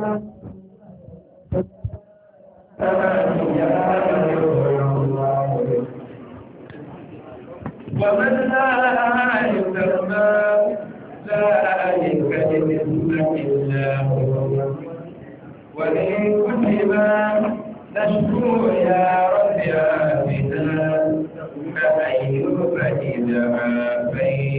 ومن لا يسمى لا يكذب إلا هو وإن كتبا نشكو يا رب عابدا كأيوب إذا عافيت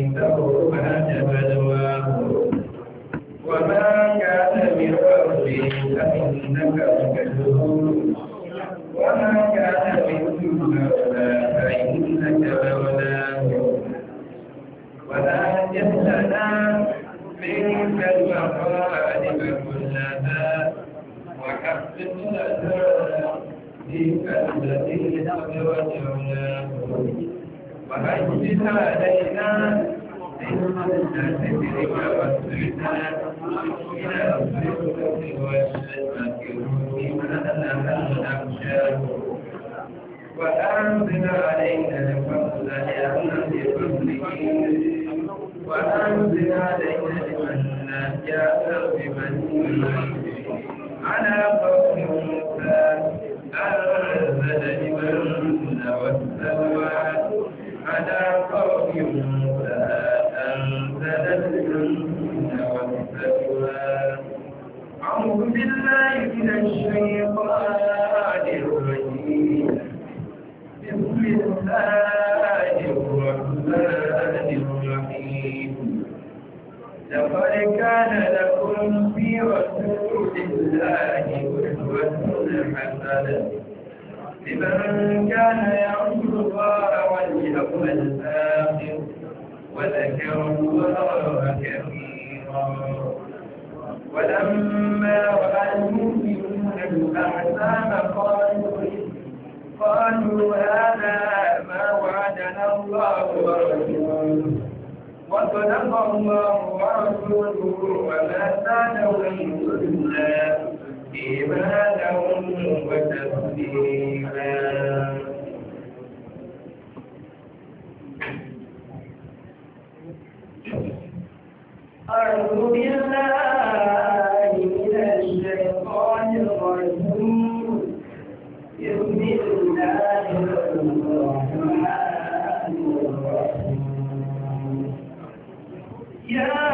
Yeah.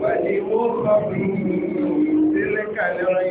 Wàlé ó kọ́ bí i sílẹ̀ kàlẹ́ ọ̀rẹ́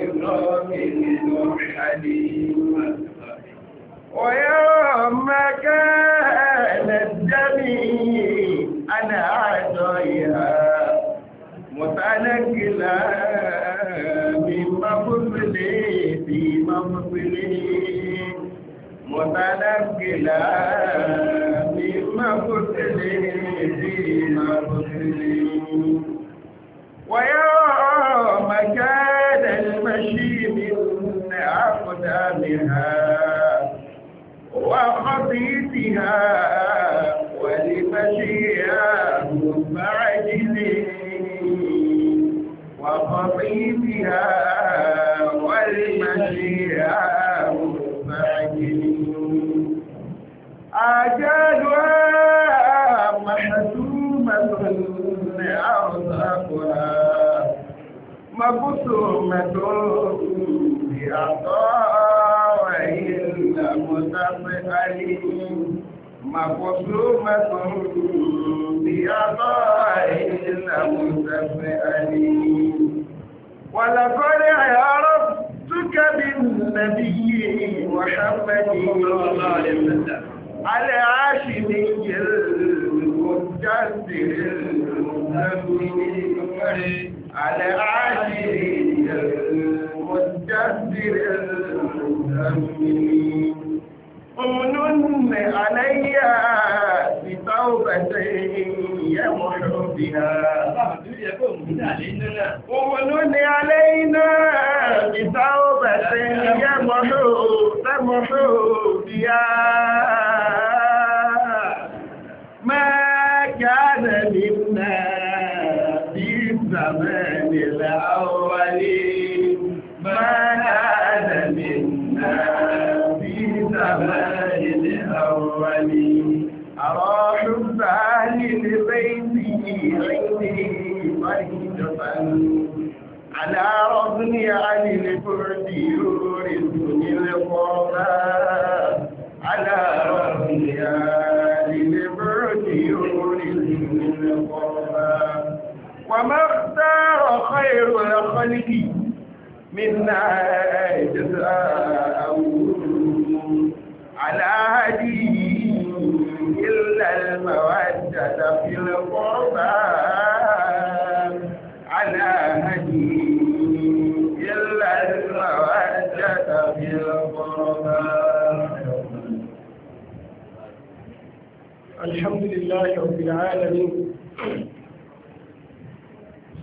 القادرين المدبر الأمين امن علي بتوبة يمحو بها امن علينا بتوبة يمحو تمحو بها على رضني عن البعد يورثني القربى على رضني عن البعد يورثني القربى وما اختار خير الخلق منا جزاء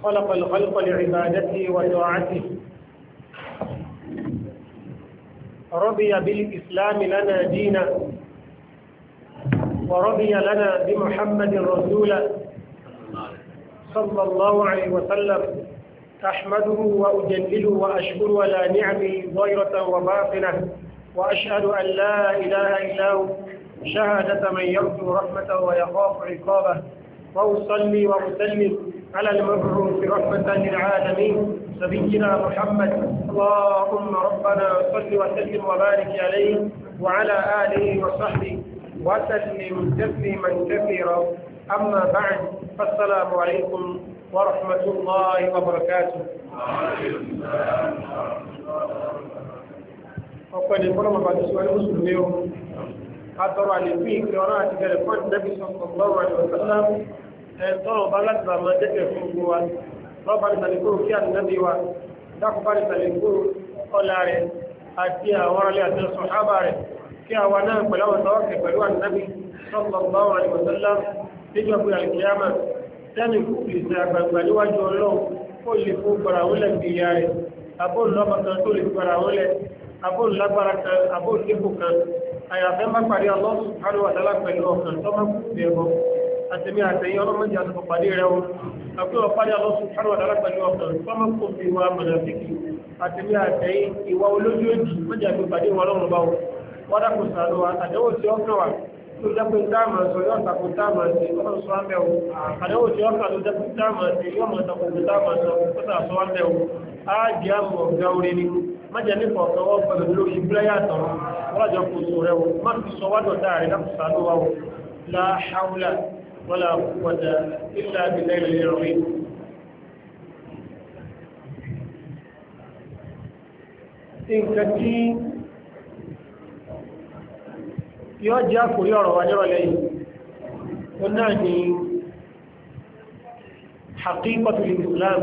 خلق الخلق لعبادته وطاعته رضي بالإسلام لنا دينا ورضي لنا بمحمد رسولا صلى الله عليه وسلم أحمده وأجلله وأشكر ولا نعمه ضيرة وباطنة وأشهد أن لا إله إلا هو شهادة من يرجو رحمته ويخاف عقابه وأصلي وأسلم على المبعوث رحمة للعالمين نبينا محمد اللهم ربنا صل وسلم وبارك عليه وعلى آله وصحبه وسلم تسليما كثيرا أما بعد فالسلام عليكم ورحمة الله وبركاته ọ̀pọ̀ ẹni بعد bàbá tó wáyé mùsùlùmí o àtọrọ àlèkú ìpè ọ̀rọ̀ àti gẹ̀rẹ̀ fún ẹ̀tọ́rọ̀ bá láti bàmọ́ jẹ́kẹ̀ fún gbogbo wa lọ́ba ní sàlẹ̀kúrò kí ànábì wa dákùnbá ní sàlẹ̀kúrò ọlá rẹ̀ àti àwọn arálẹ̀ àti ọ̀sán ábà rẹ̀ kí àwa náà pẹ̀lú àwọn tọ́wọ́kẹ̀ pẹ̀lú ànábì sallallahu alaihi wasallam níjọ́ pé àlùkìyàmà tẹ́nì kò lè ṣe àgbàgbà níwájú ọlọ́run kó lè fún gbàrà àwọn ilẹ̀ bí ìyá rẹ̀ àbóòn lọ́ba kan tó lè gbàrà àwọn ilẹ̀ àyàfẹ́ má parí Allah subhanahu wa ta'ala pẹ̀lú ọkàn tó má kú sí ẹ̀bọ àtẹ̀mí àtẹ̀yìn ọlọ́mọdé àti pàdé rẹ̀ o àpé ọ̀pádé alọ́sùn fún àwọn alára pẹ̀lú ọ̀pọ̀ fọ́mọ́ kò fi wá mọ̀lẹ́sìkì àtẹ̀mí àtẹ̀yìn ìwà olójú òjì mọ́jà pé pàdé wọn lọ́rùn bá wọn wọ́n dàpò sàánú wa àdéhùn tí ó kàn wá tó dẹ́pẹ́ dáàmà sọ yóò tako dáàmà sí ọlọ́run sọ ámẹ́ o àdéhùn tí ó kàn tó dẹ́pẹ́ dáàmà sí yóò mọ̀ tako dáàmà sọ kótà sọ ámẹ́ o á jẹ́ àmọ̀ ọ̀gá orí ni májẹ̀ nípa pẹ̀lú lórí bíláyà tán wọ́n lájọ kò sọ rẹ̀ o má fi sọ wádọ̀ dáa rẹ̀ lápò sàánú wa o ولا قوة إلا بالله العظيم nǹkan tí yóò jẹ́ àkórí ọ̀rọ̀ wa lọ́rọ̀ lẹ́yìn ó náà ni haqiqatul Islam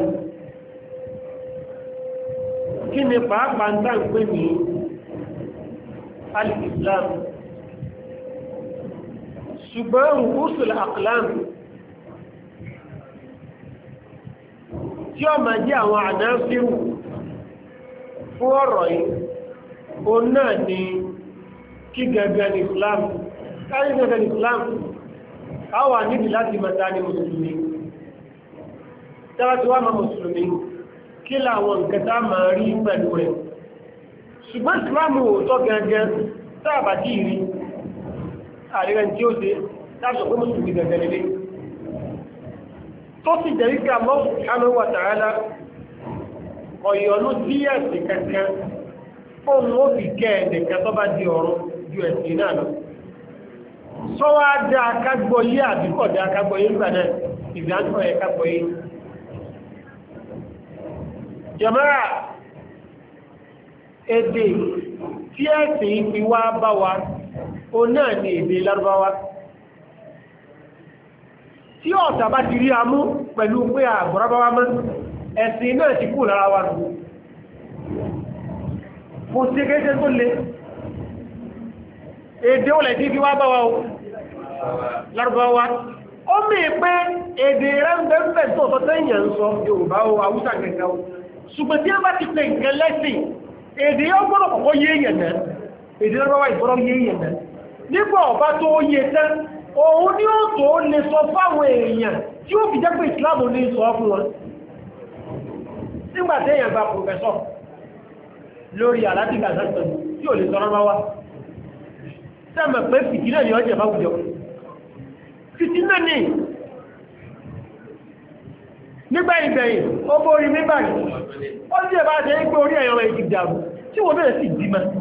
kí ni pàápàá ń tàn pè ní al-Islam ṣùgbọ́n rùkúsùl àkìlám tí ó máa jẹ́ àwọn ànáfíwù fún ọ̀rọ̀ yìí o náà ni kí gẹ̀gẹ̀ ní Islam káyí gẹ̀gẹ̀ ní Islam a wà níbi láti mẹ́ta ní mùsùlùmí tẹ́wàtíwà máa mùsùlùmí kí láwọn nkẹta máa rí pẹ̀lú rẹ̀ ṣùgbọ́n Islam ò gẹ̀gẹ̀ sáàbàtí rí àríwá tí ó ṣe láti ọ̀pọ̀ mùsùlùmí gẹ̀gẹ̀ lélé tó sì jẹ́ wípé àmọ́ ṣáná wà tààlà ọ̀yọ́nú sí ẹ̀sìn kankan fóun ó fi kẹ́ ẹ̀nìkan tó bá di ọ̀run ju ẹ̀sìn náà lọ sọ́wọ́ adé akágbọ́ yé àbíkọ̀dé akágbọ́ yé nígbà náà ìdájọ́ yẹ kágbọ́ yé jẹ̀mọ́ra èdè tí ẹ̀sìn fi wá bá wa o náà ni èdè lárúbáwá tí ọ̀tá bá ti rí amú pẹ̀lú pé àgbọ̀rábáwá mọ́ ẹ̀sìn náà ti kú lára wa nù kò sí kéṣe tó le èdè olè tí fi wá bá wa o lárúbáwá ó mì pé èdè rẹ́ńbẹ́ńbẹ́ tó sọ tẹ́yìn sọ Yorùbá o Haúsá gẹ̀gẹ́ o ṣùgbọ́n tí a bá ti pè nǹkan lẹ́sìn èdè ọgbọ́n ọ̀pọ̀ yéèyàn náà èdè lọ́wọ́ ìgbọ́rọ̀ nígbà ọba tó yẹ tán òun ni ó tó lè sọ fáwọn èèyàn tí ó fi jẹ́ pé ìsìláàmù ní sọ fún wọn nígbà téèyàn gba pòfẹ́sọ̀ lórí aládìgbà sẹ́sẹ̀ tí ò lè sọ rán wá sẹ́mọ̀ pé fìtínà ni ọjẹ́ bá wùjọ fìtínà ni nígbà ìgbẹ̀yìn ó bórí mímbà yìí ó sì ẹ̀bá jẹ́ ipé orí ẹ̀yọ́ ìdìdàrú tí wọ́n bẹ̀rẹ̀ sí ìdímọ̀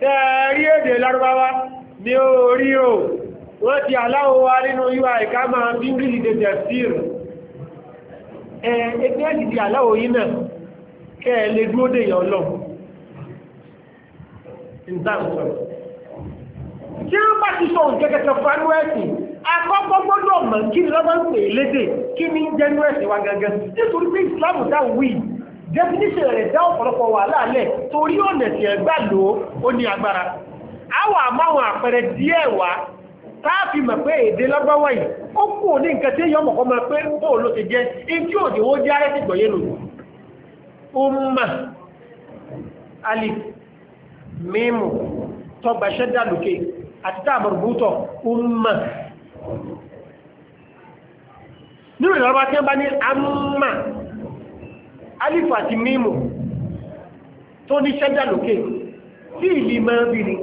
tẹ́ẹ̀rí èdè lárúbáwá ní orí o wọ́n ti aláwọ̀ wá nínú yíwa ìká máa bí rí ìdè jẹ̀sír ẹgbẹ́ ti di aláwọ̀ yìí náà kẹ́ ẹ lè dúró dè yàn lọ tí wọ́n bá ti sọ òǹkẹ́kẹ́kẹ́ fanú ẹ̀sìn akọ́kọ́ gbọ́dọ̀ mọ̀ kí ni lọ́gbọ́n pè lédè kí ni jẹ́nu ẹ̀sìn wa gẹ́gẹ́ nítorí pé ìsìlámù dáwọ̀ wíì definition rẹ̀ dá ọ̀pọ̀lọpọ̀ wà láàlẹ̀ torí ọ̀nà tí ẹgbà lò ó ní agbára àwọn àmáwọn àpẹẹrẹ díẹ̀ wá táàfì mọ̀ pé èdè lọ́gbọ́wọ́ yìí ó kù ní nǹkan tí yọ mọ̀kọ́ mọ̀ pé ó ló ti jẹ́ in tí ò dìwó jẹ́ arẹ́ ti gbọ̀yé lò umma alif mímu tọgbà ṣẹ́dá lókè àti tí wọ́n bá ní amma alif àti mímù tó ní ṣẹ́dá lókè tí ìlì máa bí ni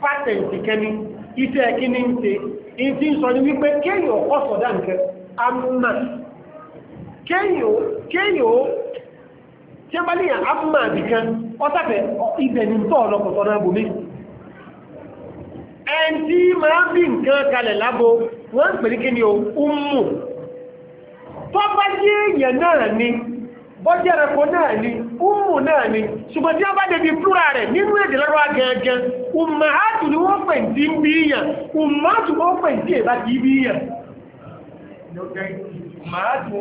pátẹ̀ǹtì kẹni iṣẹ́ ekini ní ń nsọ in ti ń sọ ní wípé kéyò ọ̀sọ̀dá kéyò tí a bá ní àmà àbìkan ọ́sàfẹ́ ibẹ̀ ní tọ́ ọlọ́pọ̀tọ́ bọ́jẹ́rẹ̀kọ́ náà ni umu náà ni ṣùgbọ́n tí a bá débi plúra rẹ̀ nínú èdè lọ́rọ̀ gẹ́gẹ́ umma hátù ni wọ́n pẹ̀ tí ń bí yàn umma hátù wọ́n pẹ̀ tí èbá ti bí yàn ni umma hátù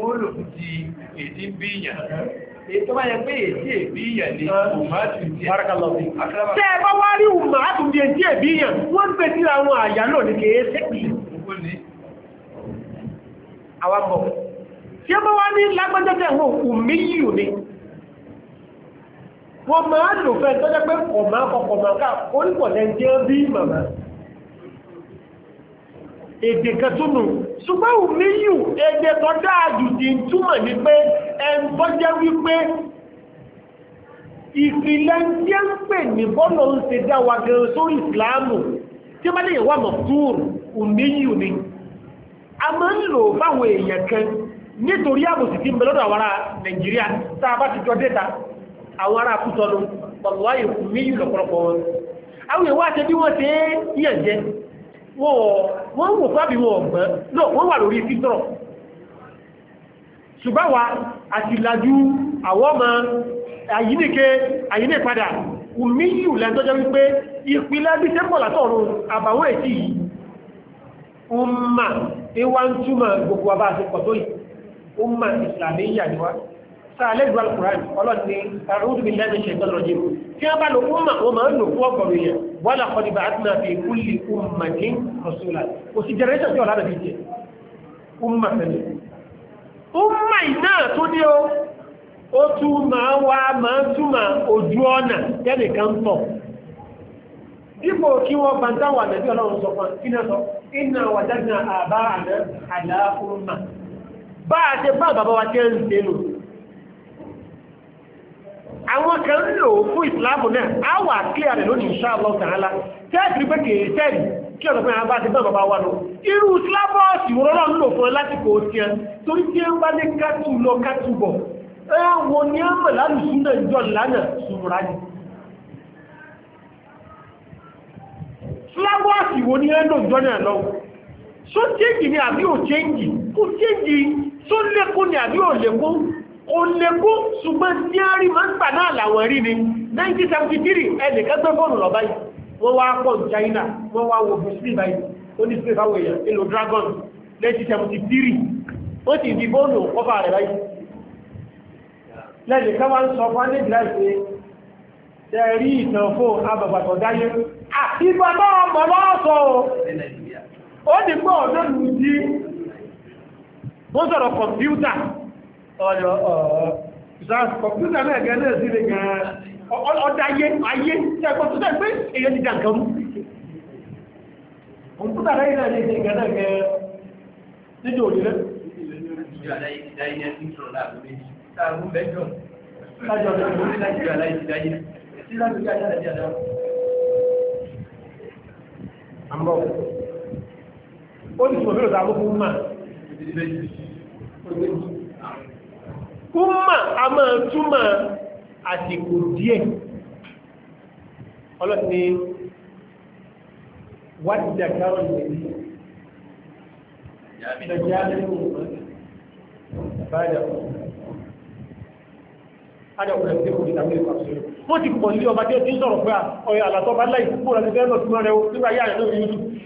ti bárakàlọ́bí tẹ́ ẹ bá wá rí umma hátù ti èdè bí yàn wọ́n ń pè àwọn àyálò ní kèé sẹ́kì tí ó bá wá ní lágbájẹ́jẹ́ àwọn òmí yìí ni wọ́n máa lò fẹ́ tó jẹ́ pé ọ̀mà ọkọ̀mà ká onípọ̀lẹ̀ jẹ́ bí màmá èdè kan tó nù ṣùgbọ́n òmí yìí èdè tó dáadù ti ń túmọ̀ ní pé ẹn tó jẹ́ wípé ìpìlẹ̀ tí ń pè ní bọ́ọ̀lù ń ṣe dá wa gan ìsìláàmù tí ó bá lè wà mọ̀ fún òmí yìí ni a máa ń lò fáwọn èèyàn kan nítorí àbòsí tí ń bẹ lọ́dọ̀ àwọn ará nàìjíríà tá a bá ti jọ déta àwọn ará kútọ́lù pọ̀lọ́wá ìkú méjì lọ́pọ̀lọpọ̀ wọn àwọn èèwà àti bí wọ́n ṣe é yàn jẹ wọ́n wò fábí wọn ọ̀gbọ́n náà wọ́n wà lórí títọ̀ ṣùgbọ́n wa àti ìlàjú àwọn ọmọ àyíníke àyíní padà òmíyù lẹ́tọ́jọ́ wípé ìpìlẹ̀ bí sẹ́pọ̀ látọ̀run àbàwọ̀ ètì yìí ó mà ń wá gbogbo abáṣepọ̀ tó yìí umma islamiyya ni wa sàlẹ̀ ìlú alukurani ọlọ́ni àrùn mi lẹ́nu ṣe ìtọ́jú ọjọ́ tí wọ́n bá lo umma wọn máa ń lò fún ọgọ́rùn yẹn wọ́n là kọ́ nípa àti náà fi kulli ummatin rasula kò sí generation tí ọ̀la rẹ̀ fi jẹ umma fẹ́lẹ̀ umma iná tó ní o ó tún máa wá máa túmọ̀ ojú ọ̀nà tẹ́nìkan tọ̀ dípò kí wọ́n bá ń dáwọ̀ àdàbí ọlọ́run sọ fún un kí náà sọ bá a ṣe bá bàbá wa tẹ́ ń tẹ́lù àwọn kan lò fún ìsìláàmù náà a wà kílẹ̀ rẹ̀ lónìí inshallah ta'ala tẹ́ẹ̀tì pé kèé tẹ́ẹ̀tì kí ọ̀nà pé àbá ti bá bàbá wa lọ irú sílábọ̀ọ̀sì rọ́rọ̀ ń lò fún ẹ láti kò tí ẹ torí tí ẹ ń bá ní kátù lọ kátù bọ̀ ẹ̀wọ̀n ni a mọ̀ lálùsú náà jọ lánàá sùúrà ní sílábọ̀ọ̀sì wo ni ẹ lò jọ náà lọ́wọ́ só chéǹjì ni àbí ò chéǹjì kò chéǹjì só lékún ni àbí ò lékún ò lékún ṣùgbọ́n tí a rí máa ń gbà náà làwọn rí ni 1973 ẹnìkan gbé fóònù lọ báyìí wọ́n wá pọ̀ China wọ́n wá wo bùsùlì báyìí ó ní sílẹ̀ fáwọn èèyàn èlò dragon 1973 ó ti di fóònù kọ́fà rẹ̀ báyìí lẹ́nìkan wá ń sọ fún anẹ́dìlá ìpè tẹ̀rí ìtàn fóònù abàbàtọ̀ dáyé àti ah, bàbá ọmọ lọ́sọ̀ọ́ ó ní pé ọ̀dọ́ lù jí wọ́n sọ̀rọ̀ kọ̀mpútà ọ̀yọ̀ ìsáàsì kọ̀mpútà náà gẹ́gẹ́ sí lè gan ọdá ayé ayé tẹ́ kọ̀mpútà pé èyàn ti dàgbà mú kọ̀mpútà náà yìí lè gan náà gẹ́ nínú òdìrẹ́ Lájọ́ ọ̀dọ́ ìlú Nàìjíríà láì ti dáyé. Ìsílá ti dáyé àdájá dáa. Àmbọ̀ ó ní ṣùgbọ́n mẹ́rọ̀ta ló fún mà fún mà a máa túmọ̀ àsìkò díẹ̀ ọlọ́ni wádìí àkàrọ̀ ìrìn Wọ́n ti pọ̀ ní ọba tí ó ti ń sọ̀rọ̀ pé ọ̀yà àlàtọ́ bá láì fún ọ̀rọ̀ ti fẹ́ lọ sí mọ́ rẹ̀ ó nígbà yáà rẹ̀ lórí YouTube.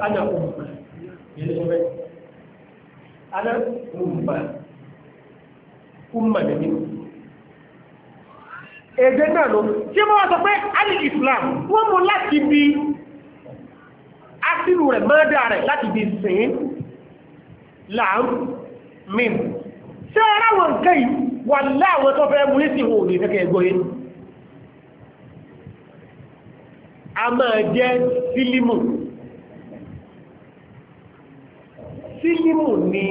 ana umma yẹn sọ bẹ́ẹ̀ ana umma umma ni. èdè náà ló tí wọ́n sọ pé alì islam wọ́n mú láti bí asìlù rẹ̀ mọ́dá rẹ̀ láti bí sìn láàrùn mìn tí ara wọn nǹkan yìí wà láwọn tó fẹ́ mú ní sí ìwò ìfẹ́kẹ́ ẹgbọ́ yìí a máa jẹ́ sílímù sílímù ni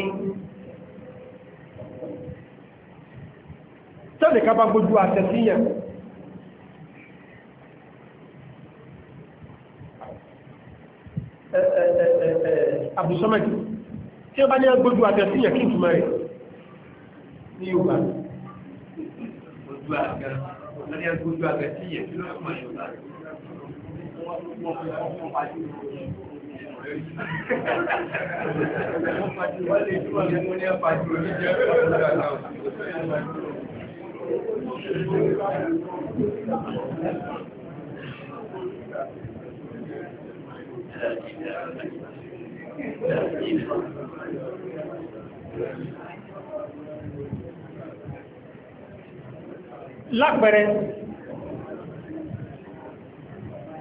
tẹ́lẹ̀ ká bá gbójú àtẹ̀síyàn àbùsọ́mẹ́tì tí ó bá ní agbójú àtẹ̀síyàn kí n túnmọ̀ rẹ̀ ní Yorùbá Gbogbo àgbẹ̀ tí yẹ̀ tí lọ́pọ̀ Yorùbá. Lápẹẹrẹ,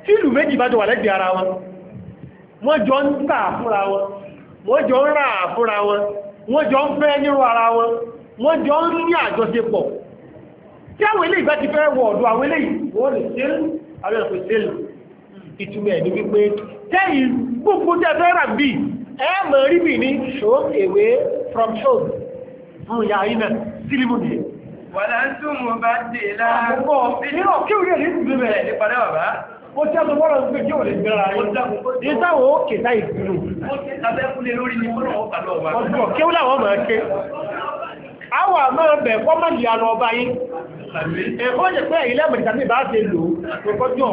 tí ìlú méjì bá jọ wà lẹ́gbẹ̀ẹ́ ara wọn, wọ́n jọ ń tà fúnra wọn wọ́n jọ ń fẹ́ nírú ara wọn wọ́n jọ ń ní àjọṣepọ̀ tí àwọn ilé ìgbà ti fẹ́ wọ ọ̀dọ̀ àwọn ilé ìwọ́n lè àwọn ẹ̀kọ́ ìṣẹ́lù ìtumọ̀ ẹ̀ ní wípé tẹ́yìn gbogbo tẹ́ fẹ́ rà bíi ẹ mọ̀ rí bì ní show away from show náà bá ó tí a ń pè kí o lè gbẹ́ra rẹ̀ ìtàwọ̀ ó kèta ó láwọ́ máa ké àwọ̀ máa bẹ̀ kọ́ mọ́ ẹ̀kọ́ jẹ́ pé ilé ẹ̀mẹ̀ta bá ṣe lò ó kọjọ́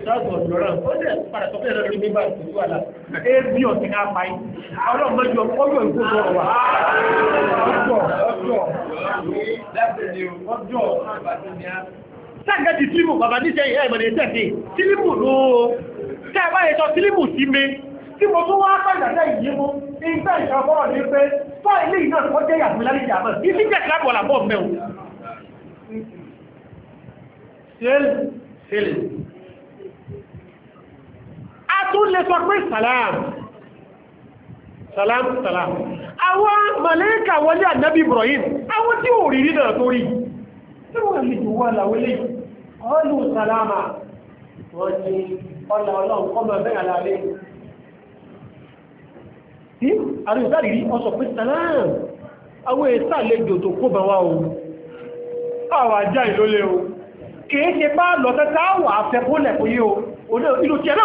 ìṣàkóso ọ̀dọ́rọ̀ ó dẹ̀ padà sọ fẹ́ẹ̀rẹ̀ lórí nígbà tó wà lá ẹbí ọ̀sẹ̀ ká pa yìí ọlọ́run mọ́jú ọjọ́ ìgbóso ọ̀wà ọjọ́ ọjọ́ ọjọ́ sáàgá ti sílímù bàbá níṣẹ́ ìyá ìmọ̀lẹ̀ ìṣẹ́fẹ́ sílímù ló tẹ́ẹ̀bá ẹ̀tọ́ sílímù sí mi tí mo tún wá pẹ̀lẹ̀ ìyẹ́mú ìgbẹ́ ìṣàfọ́rọ̀ ní pé fọ́ ilé ìná ọjọ́ ìyàmìlá ìjàmọ̀ ìfíjẹ̀ kìlábọ̀lá bọ́ mẹ́un tún lè sọ pé salam salam salam àwọn màlẹ́kà wọlé ànábì Ibrahim àwọn tí ò rírí náà tó rí tí wọ́n lè jù wà láwọlé ọlù salama wọ́n ti ọlà ọlọ́run kọ́mọ bẹ́ẹ̀ alálẹ́ tí àrùn ìsáàrí ọsọ̀ pé salam àwọn ìsàlejò tó kó bá wá o àwọn ajá o kìí ṣe bá lọ tẹ́ta wà fẹ́ bólẹ̀ fún yí o ìlú tí ẹ̀rọ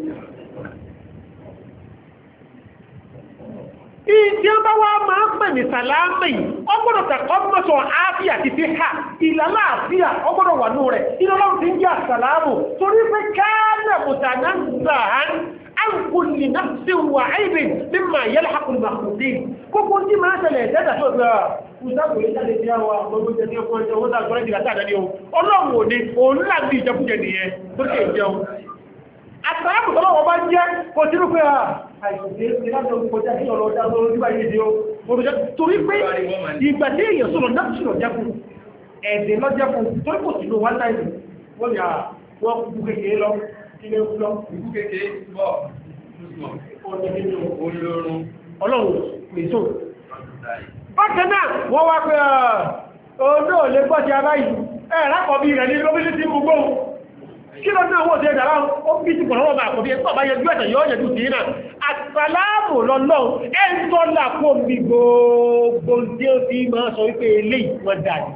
ìdí ọba wa máa ń pè ní sàlámì ọgbọ́dọ̀ tàkọ́ mọ́sọ̀ àáfíà ti fi hà ìlàlá àfíà ọgbọ́dọ̀ wà nù rẹ̀ ìlọ́lọ́run ti ń jẹ́ àsàlámù torí pé káàlẹ̀ mùtànà ń gbà án an kulli nafsin wa ah, ní náà sọ́rẹ́ ìjìlá àtàràbù tọ́lọ́ wọn bá jẹ́ kò sínú pé à ìgbà tí èèyàn sọ̀rọ̀ náà sọ̀rọ̀ jẹ́kù ẹ̀dẹ̀ lọ jẹ́kù torí kò sínú wá láìsí wọ́n yà wọ́n kú kékeré lọ ilé kú lọ kú kékeré bọ́ olórun ọlọ́run pèsò bákan náà wọ́n wá pé ọ̀ọ́ náà lè gbọ́ kí lọ náà wọ́n ti ẹ̀dàrá ó ti pọ̀lọ́wọ́ bá kò bí ẹ̀kọ́ bá yẹjú ẹ̀tẹ̀ yọ́ yẹjú àtàlámù lọ́nà ẹ̀ńtọ́ làpò mi gbogbo tí ó ti máa sọ wípé ilé ìwọ̀n dàdí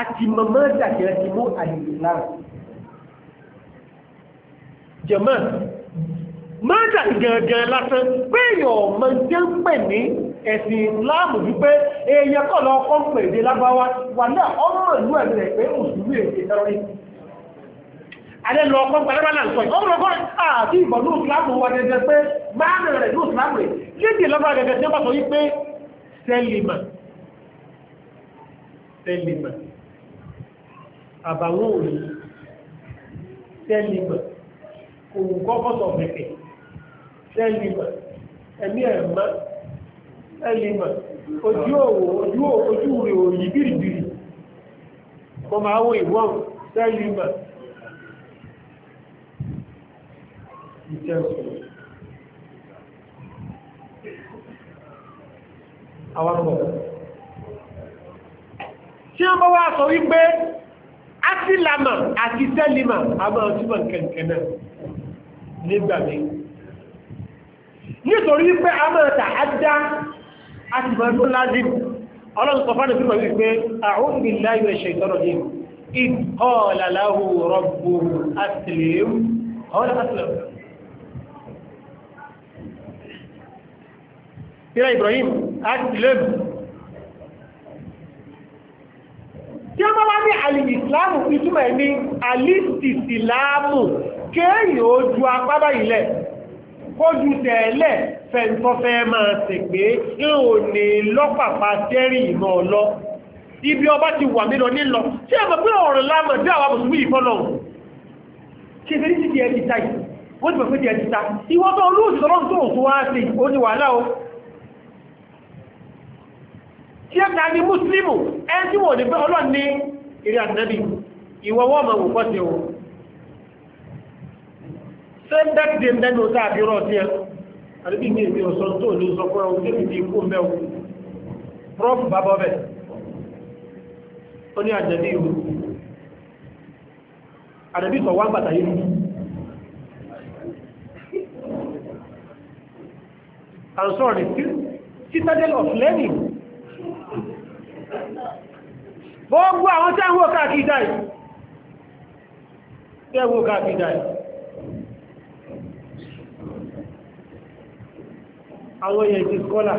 àti mọ̀mọ́ dàkẹ́ ti mú àdìsí náà jẹ̀mọ́ mọ́dà gangan lásán péèyàn ọmọ jẹ́ ń pè ní ẹ̀sìn láàmù wípé èèyàn kọ́ lọ ọkọ́ ń pè èdè lábáwá wà náà ọmọ ìlú ẹ̀mí rẹ̀ pé mùsùlùmí èdè tẹ́rọrí alẹ́ lọ ọkọ́ gbàdúrà náà sọ yìí ọmọ ọgbọ́n àti ìbọn ní ìsìlámù wa gẹ́gẹ́ pé máàmì rẹ̀ ní ìsìlámù rẹ̀ àbàwọn òní sẹ́lìmà òun kọ́kọ́ sọ ṣẹ́lìmọ̀ ẹ̀mí ẹ̀mọ́ ẹ̀lìmọ̀ ojú òwò ojú ojú rẹ̀ òyí bìrìbìrì kọ máa wọ ìwọ̀n ṣẹ́lìmọ̀ ìtẹ́sùn awakọ̀ tí wọ́n bá wá sọ wípé ásìlámà àti sẹ́lìmà a máa túbọ̀ kẹ̀kẹ́ náà nígbàmí nítorí wípé a máa tà á dá a sì máa tó lázìm ọlọ́run sọ fánà fífà wípé a'udhu billahi minash shaitanir rajim idh qala lahu rabbuhu aslim qala aslamtu Ìrà Ibrahim, Adìlẹ́m. Tí a máa wá ní alìsìláàmù ìtumẹ̀ ní alìsìsìláàmù kéèyàn ojú apá báyìí lẹ̀ kójú tẹ̀ẹ́lẹ̀ fẹ̀ntọ́fẹ́ máa sì pé ìhò ní lọ́pàpá tẹ́rì ìmọ̀ ọlọ́ ibi ọba ti wà mí lọ nílọ tí a mọ̀ pé ọ̀rọ̀ lámọ̀ bí àwọn mùsùlùmí ìfọ́lọ̀ kí ẹgbẹ́ ti di ẹni ta yìí wọ́n ti pẹ̀fẹ́ ta ìwọ́n tó olóòsì tọ́lọ́n tó òtún wá sí ó o tí ẹ ni mùsùlùmù ẹ tí wọ́n ní pé ọlọ́ni ìrìn àdínẹ́bì ìwọ́wọ́ ọmọ òkọ́ standard day mẹ́nu tá a fi rọ̀ sí ẹ àdébí mi èmi ọ̀sọ́ tó ní sọ fún ẹ̀wọ̀n tẹ́mi ti kú mẹ́wò prof bàbá bẹ̀ ó ní àjẹbí ìlú àdébí sọ wá gbàtà yìí I'm sorry, citadel of learning. Gbogbo àwọn tí a ń wò káàkiri dáì. Tí a ń wò káàkiri dáì. àwọn èèyàn ti skọ́là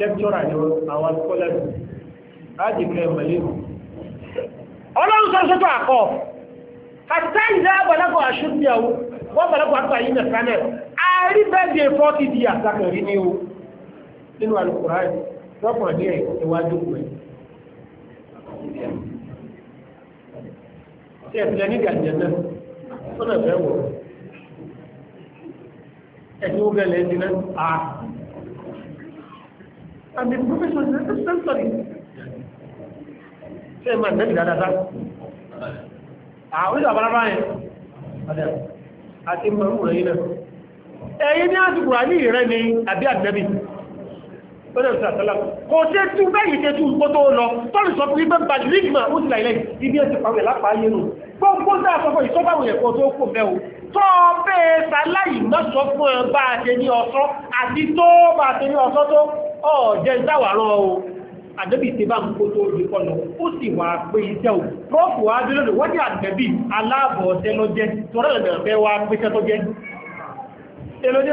lẹ́kítọ́rà ni àwọn skọ́là ni láti kẹ́ ìmọ̀lẹ́ ọlọ́run sọ sọ́tọ̀ àkọ́ àtẹ́ ìdá àbọ̀lẹ́kọ̀ àṣúbíàwó wọ́n bọ̀lẹ́kọ̀ àtọ́ àyí nà sánẹ̀ àárí bẹ́ẹ̀dẹ̀ fọ́tí di àsàkẹ̀rí ní o nínú alùkùnrin lọ́kùnrin ní ìwájú pẹ̀ tí ẹ̀sìlẹ̀ ní gàjẹ̀ náà ó nà fẹ́ wọ̀ ẹ̀sìn ó gẹ̀lẹ̀ ẹ̀sìn náà à and the professor is very sensory ṣe máa nẹ́bì dáadáa àwọn ìdàbára yẹn àti mọ̀rún rẹ̀ yìí náà ẹ̀yìn ní àtùkù àní rẹ̀ ni àbí àgbẹ̀bì pẹ̀lú ìsàtọ́lá kò ṣe tún bẹ́yìí ṣe tún kó tó lọ tọ́lù sọ fún ibẹ́ bàjìlì ìgbìmọ̀ ó sì láìlẹ́ ibi ẹ̀sìn pàwẹ̀ lápàá yẹnu gbogbo dáa sọ fún ìsọ́bàwẹ̀ ẹ̀kọ́ tó kò bẹ́ o tó ọbẹ̀ sàláyì mọ́sọ fún ẹ bá ṣe ní ọ̀sọ́ àti tó bá ṣe ní ọ̀sọ́ tó ọ̀jẹ́ ìdáwàrán o àdẹ́bì tí bá ń kó tó ojú kọlọ̀ ó sì wà pé iṣẹ́ ò rọ́pù adúlọ́dọ̀ wọ́n jẹ́ àdẹ́bì aláàbọ̀ ọ̀tẹ́ lọ jẹ́ tọ́rọ̀lẹ̀bẹ̀ wá pé iṣẹ́ tó jẹ́ elóde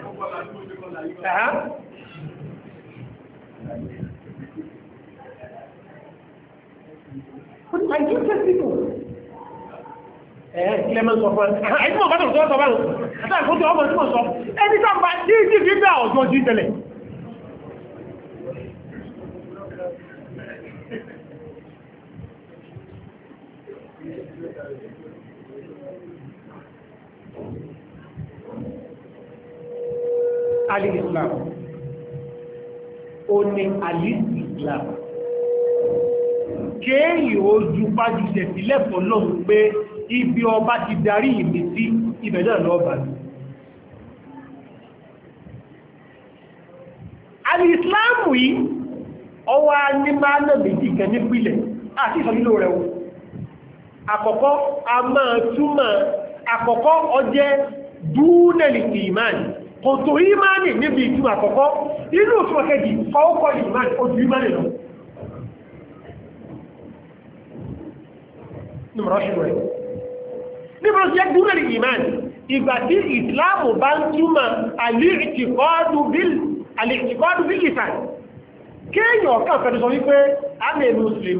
But I give these people. Ẹ̀ẹ́ ilẹ̀ máa ń sọ fún ẹ̀. Ẹni mọ̀ bá tọ̀rọ̀ sọ́wọ́ sọ bá lọ. Àtàkùn tó ọmọ tí mo sọ. Ẹni sáà bá dí ìdí ìdí ìdí jí tẹ̀lẹ̀. alìsìlám ó ní alìsìlám kéèyàn ojú pájú tẹ̀sílẹ̀ fọ́lọ́hùn pé ibi ọba ti darí ìmì sí ibẹ̀ náà lọ́ọ̀bà ní alìsìlámù yìí ọwá ní máa náà méjì gan nípìlẹ̀ àti ìsọ̀lílò rẹ̀ wọ́n àkọ́kọ́ a máa túmọ̀ àkọ́kọ́ ọjẹ́ dúnẹ̀lì ìmáàni kò tó ìmáni níbi ìtumọ̀ àkọ́kọ́ inú òtúmọ̀ kejì ọkọ̀ ìmáni ojú ìmáni lọ níbọn sí ẹgbùnrẹ̀ ní ìmáni ìgbà tí ìsìláàmù bá ń túmọ̀ àlìkìkọ́ọ̀dù bíl ìsàn kéèyàn ọ̀kan fẹ́ sọ wípé i'm a muslim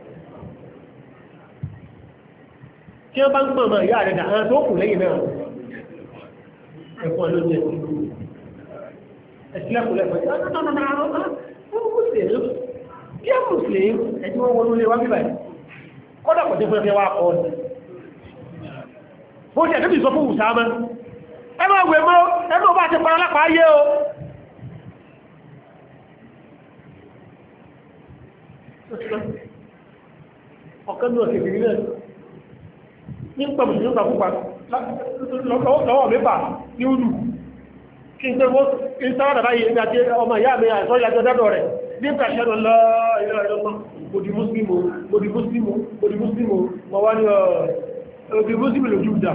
tí wọ́n bá ń pọ̀ mọ̀ ìyá rẹ̀ dà án tó kù lẹ́yìn náà ẹ̀kọ́ ló jẹ́ ẹ̀sìlẹ̀kùn lẹ́kọ̀ọ́ ẹgbẹ́ òwe mọ́ ẹgbẹ́ òbá ti pàrọ lápàá yé o ọ̀kan ní ọ̀sẹ̀ ìrìnlẹ̀ ní pẹ̀lú ìlú ìgbàkúgbà lọ́wọ́ mẹ́fà ní olù kí n tẹ́wọ́ ìsára dàbá yìí àti ọmọ ìyá mi àìsọ́ ìyájọ́ dẹ́dọ̀ rẹ̀ ní ìpàṣẹ́dọ̀ lọ ìlọ́rẹ̀ lọ́mọ bòdì mùsùlùmù bòdì mùsùlùmù bòdì mùsùlùmù mọ̀ wá ní ọ̀bí mùsùlùmù lójú ìdá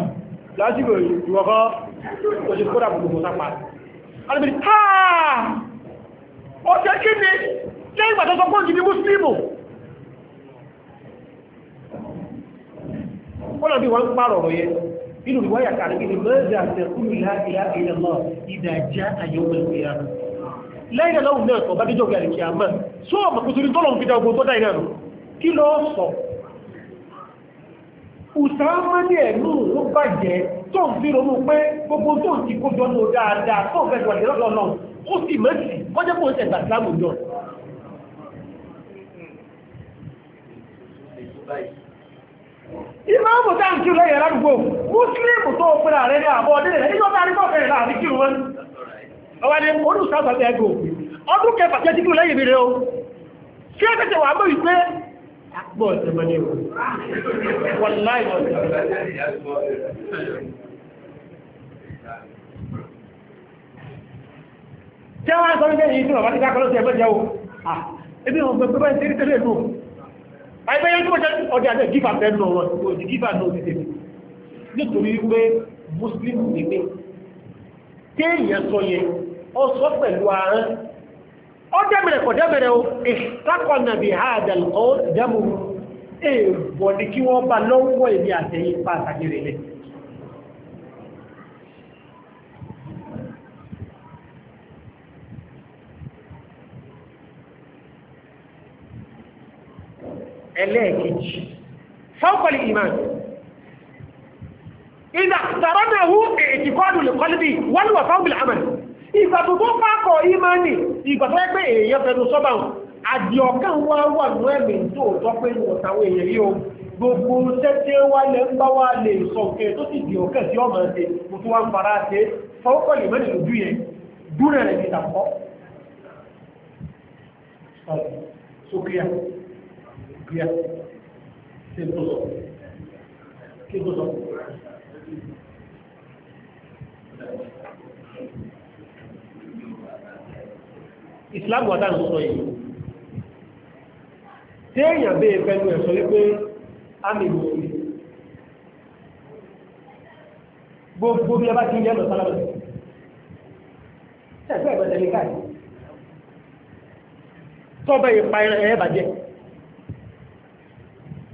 lásìkò ìwọ̀kọ́ òṣèkódà gbogbo sápá alìbìrì táà ọ̀tẹ́ kí ni lẹ́yìn ìgbà tó sọ pọ́ kọ́nà bí wọ́n ń pààrọ̀ ọ̀rọ̀ yẹn nínú ìwọ́ yàtà àdébìnrin mẹ́rin àti ẹ̀kúrú láìlá ilẹ̀ náà ìdájá àyọ̀mọ̀ ìyá lẹ́yìn náà náà tọ́ bá díjọ́ gbà lẹ́kì àmà sọ ọmọ kò torí tọ́lọ̀ fi da ogun tó dá ìrìnà kí lọ sọ Usama ní ẹ̀nù ló bàjẹ́ tó ń fi ronú pé gbogbo tó ti kó jọ ní dáadáa tó ń fẹ́jọ àlẹ́ lọ́dọ̀ náà ó sì mẹ́sì wọ́n jẹ́ kó ń tẹ̀gbà sílámù jọ. ìmọ̀ ọmọdá ń kírò ẹ̀yẹ̀ lárúgbò múslímù tó pínlẹ̀ rẹ̀ ní àbọ̀ ọdún rẹ̀ nígbọ́ta arígbọ́fẹ̀rẹ̀ láàrin kírò wọn ọwá ni olùsáàtọ̀ ẹgbò ọdún kẹfà jẹ́ tíkú lẹ́yìn rẹ̀ o ah, àìpẹ́ yóò túnbọ̀ jẹ́ ọdí àjẹ́ gífà bẹ́ẹ̀ lọ wọn kò sí gífà náà ti tèmi nítorí wípé muslim ní pé téèyàn sọ yẹn ọ sọ pẹ̀lú ààrẹ ọ dẹ́bẹ̀rẹ̀ kọ̀ dẹ́bẹ̀rẹ̀ o ìsákọ̀ nàbì àdàl èèbọ̀ ni kí wọ́n bá lọ́wọ́ èmi àtẹ̀yìn pàtàkì rẹ̀ lẹ́yìn ẹlẹ́ẹ̀kejì fọ́kọ̀lì ìmán ìdá tàrọ́nà hú ètìkọ́dù lè kọ́lùbí wọ́n wà fáwọn ìlàmàn ìgbàtò tó pákọ̀ ìmáni ìgbàtò ẹgbẹ́ èèyàn fẹ́nu sọ́bà àdìọ̀kán wá wà ní ẹ̀mì tó tọ́ pé ìwọ̀tàwọ̀ èèyàn yíò gbogbo tẹ́tẹ́ wá lẹ́ ń díẹ̀ kí n tó sọ kí n tó sọ. ìsìláàmù ọ̀dà ń sọ yìí tí èèyàn bèè fẹ́nu ẹ̀ sọ wípé àmì ìwòsàn gbogbo bí ẹ bá ti ń yẹ́ lọ sálábà tẹ̀sí ẹ̀gbẹ́ tẹ̀lé káàkiri tọ́bẹ̀ ìpa ẹ̀rẹ́ bàjẹ́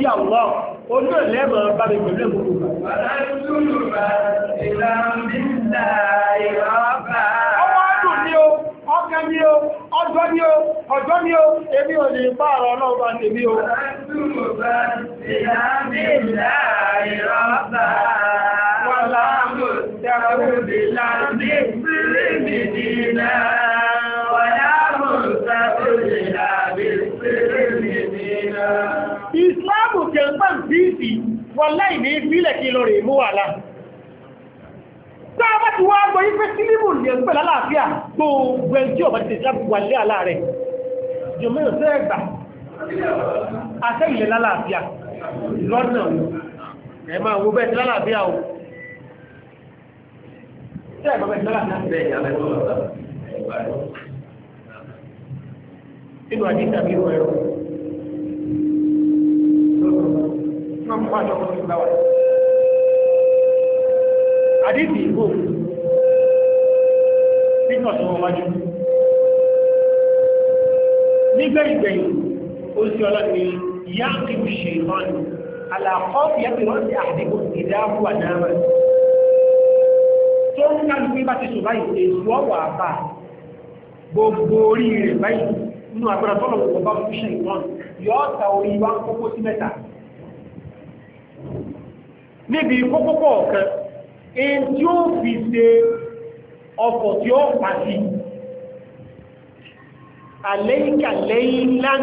sí àwọ̀ onú ẹ̀lẹ́mọ̀ bá mi pẹ̀lú ẹ̀kùnkùn ọjọ́ ni ó ọjọ́ ni ó èmi ò lè bá ọ̀rọ̀ náà bá tèmi ó Wọ́n láàmù dáwò dè láàmì sí lè mìí náà. wọ́n láì ní ìfílẹ̀ kí lọ rẹ̀ mú wà láà tàbá ti wá gbọ́ yí pé sílíbù ní ẹgbẹ́ lálàáfíà gbogbo ẹjọ́ ọ̀bá ti sábù wà lé àlá rẹ̀ jùmọ́ o inú àdíjà bí wọ́n máa ń pàdé ọmọ ìgbà wà àdídì ìgbò nínú ọ̀sán wájú nígbẹ̀ ìgbẹ̀yìn ó sì ọlọ́ni ìyá kìí ṣe ìmọ́ni àlàkọ́ ìyẹ́pẹ̀ wọ́n ti àdígbò ìdáàbò àdáàmà tó ń ká lùgbé bá ti sùn báyìí èsù ọ̀wọ̀ àbá gbogbo orí rẹ̀ báyìí nínú àgbàrá tọ́lọ̀ níbi kókókó ọ̀kan èyí tí ó fi ṣe ọkọ̀ tí ó pàtì àlẹ́yìnkàlẹ́yìn lán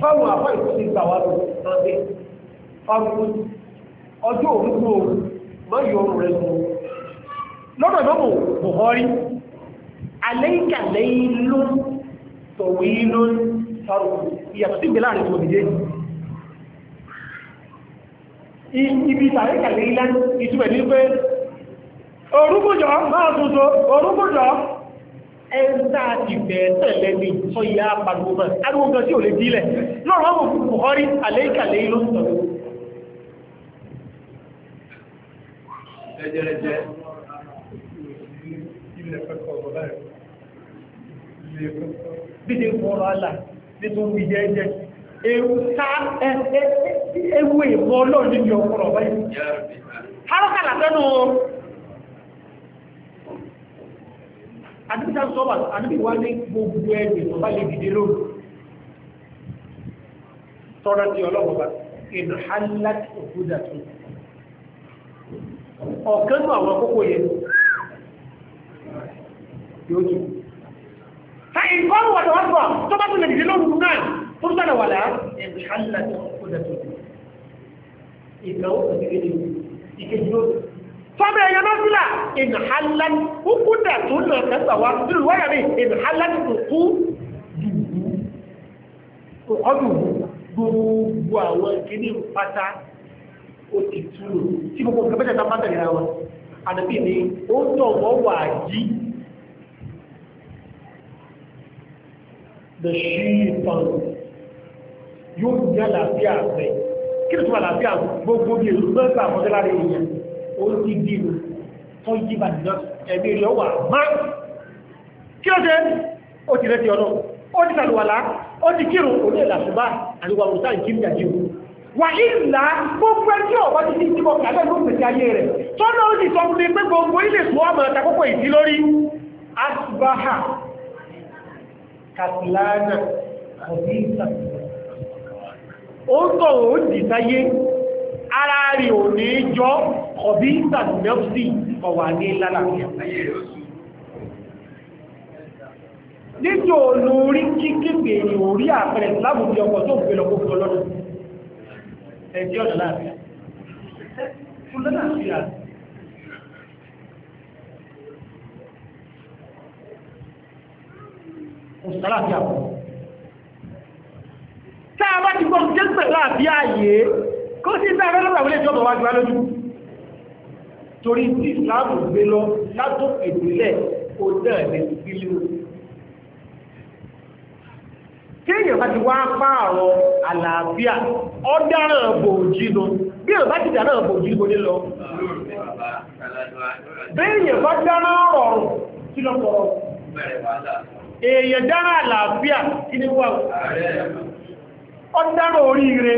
báwọn àpá ìfúnni gbà wà lọ rọ́dẹ̀ ọdún ọjọ́ òrùkú òru lọ́yọ̀ òru rẹ̀ mú lọ́dọ̀ lọ́mù buhari àlẹ́yìnkàlẹ́yìn ló tọ̀wé ló ń sọ̀rọ̀ ìyàtọ̀ sí ìgbéláàrin tó dìde yìí ibi tàríkàlẹ̀ ilẹ̀ ìtumẹ̀ ní pé orúkójọ́ máa tuntun orúkójọ́ ẹ̀ńtà ìbẹ̀ tẹ̀lẹ̀ ní sọ ìyá pàdùmọ̀ ariwo kan tí ò lè dílẹ̀ lọ́rọ̀ ọmọ buhari àlẹ́kàlẹ̀ ilẹ̀ ìtumẹ̀ jẹjẹrẹjẹ ilẹ̀ pẹ́kọ̀ọ́ bọ̀ láì ewu ìbọn ọlọ́run níbi ọkùnrin ọ̀bá yìí haraka làtẹ́nu àdúgbà sọ́bà àdúgbà ní gbogbo ẹgbẹ̀ tó bá lè dìde lóòrùn tọ́rọ ti ọlọ́pàá ìdù hálàtì òkúdà tó ọ̀kánú àwọn kókó yẹn yóò tún ta ìgbọ́rùn wọ̀dọ̀wọ́dọ̀ tó bá tún lè dìde lóòrùn náà ثم ولا انحلت عقدة ìgbàwó kékeré ìkejì ó fọ́bẹ̀ ẹ̀yẹ lọ́sílà ìnàhálán kúkú dà tó nà kẹta wá nínú wáyà mi ìnàhálán tó kú dùgbù ọdún gbogbo àwọn kìíní pátá ó ti túrò tí gbogbo kẹfẹ́tẹ̀ tá pátá ìra wọn àdàbí ni ó tọ̀ wọ́n wà jí the sheep yóò ní àlàáfíà rẹ̀ kí ni tó àlàáfíà gbogbo bí èrò bẹ́ẹ̀ bá àmọ́jẹ́ lára èèyàn ó ti di ìlú tó yí bá nìyàn ẹ̀mí rẹ̀ wà má kí ló dé ó ti rẹ́tì ọ̀nà ó ti sàlùwàlá ó ti kírun òní ìlàsùbá àríwá òrùsá ìkíni àjíwò wà ìlà gbogbo ẹjọ́ ọ̀pá ti ti ti ọkà lẹ́nu òpèsè ayé rẹ̀ tọ́nà ó sì sọ fún mi pé gbogbo ilé ìfowó àmọ́ àtàkókò ìdí lórí asbaha katilana kọ̀dínsà ó tọ̀ ó dì sáyé ara rí ò ní jọ ọ̀bí ìsànmẹ́sì ọ̀wà ní lálàáfíà níjò olórí kíkébè ní orí àpẹẹrẹ lábùdí ọkọ̀ tó gbé lọ gbogbo lọ́dún ẹ̀dí ọ̀nà láàáfíà fún lọ́láàfíà òṣìṣẹ́ táà bá ti gbọ́n jẹ́ pẹ̀lú àbí ààyè kó sí táà rẹ́lọ́pàá wọlé ìjọba wá gbá lójú torí tí ìsìláàmù gbé lọ látò ìbílẹ̀ ó dẹ̀ ní ìbílẹ̀ kéèyàn bá ti wá pààrọ̀ àlàáfíà ọ̀daràn bòójì lọ bí èèyàn bá ti dàrán bòójì gbóní lọ béèyàn bá dáràn rọrùn kí lọ́pọ̀ èèyàn dáràn àlàáfíà kí ọdáràn oríire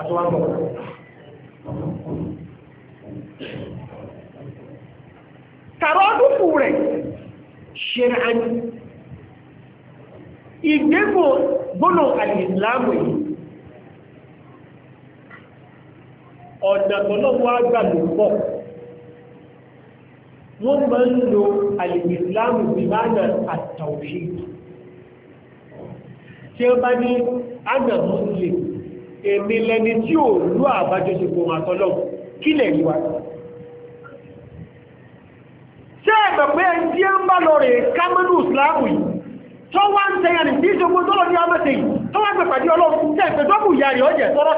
àtọwàbọ̀ tàbí ọdúnkù rẹ̀ ṣe àní ìgbégbò gbónà àìsìláàmù yìí ọ̀dàtọ̀ náà wá gbà lò pọ̀ wọ́n máa ń lo alìmìsìláàmù bìbánà àtàwòṣì tí ó bá ní ánà muslim èmi lẹni tí ò lú àbájọsẹ̀kọ̀ àtọ́lọ́ kí lẹ̀ yíwa ṣé ẹ̀mọ̀ pé ẹni tí ó ń bá lọ rẹ̀ kámẹ́lú ìsìláàmù yìí tó wá ń tẹyàn ní ìṣògbó tó lọ ní ọmọdé yìí tó wá gbẹ̀pàdé ọlọ́run tẹ́ ìfẹ́ tó kù ìyá rẹ̀ ọjẹ́ tọ́rọ́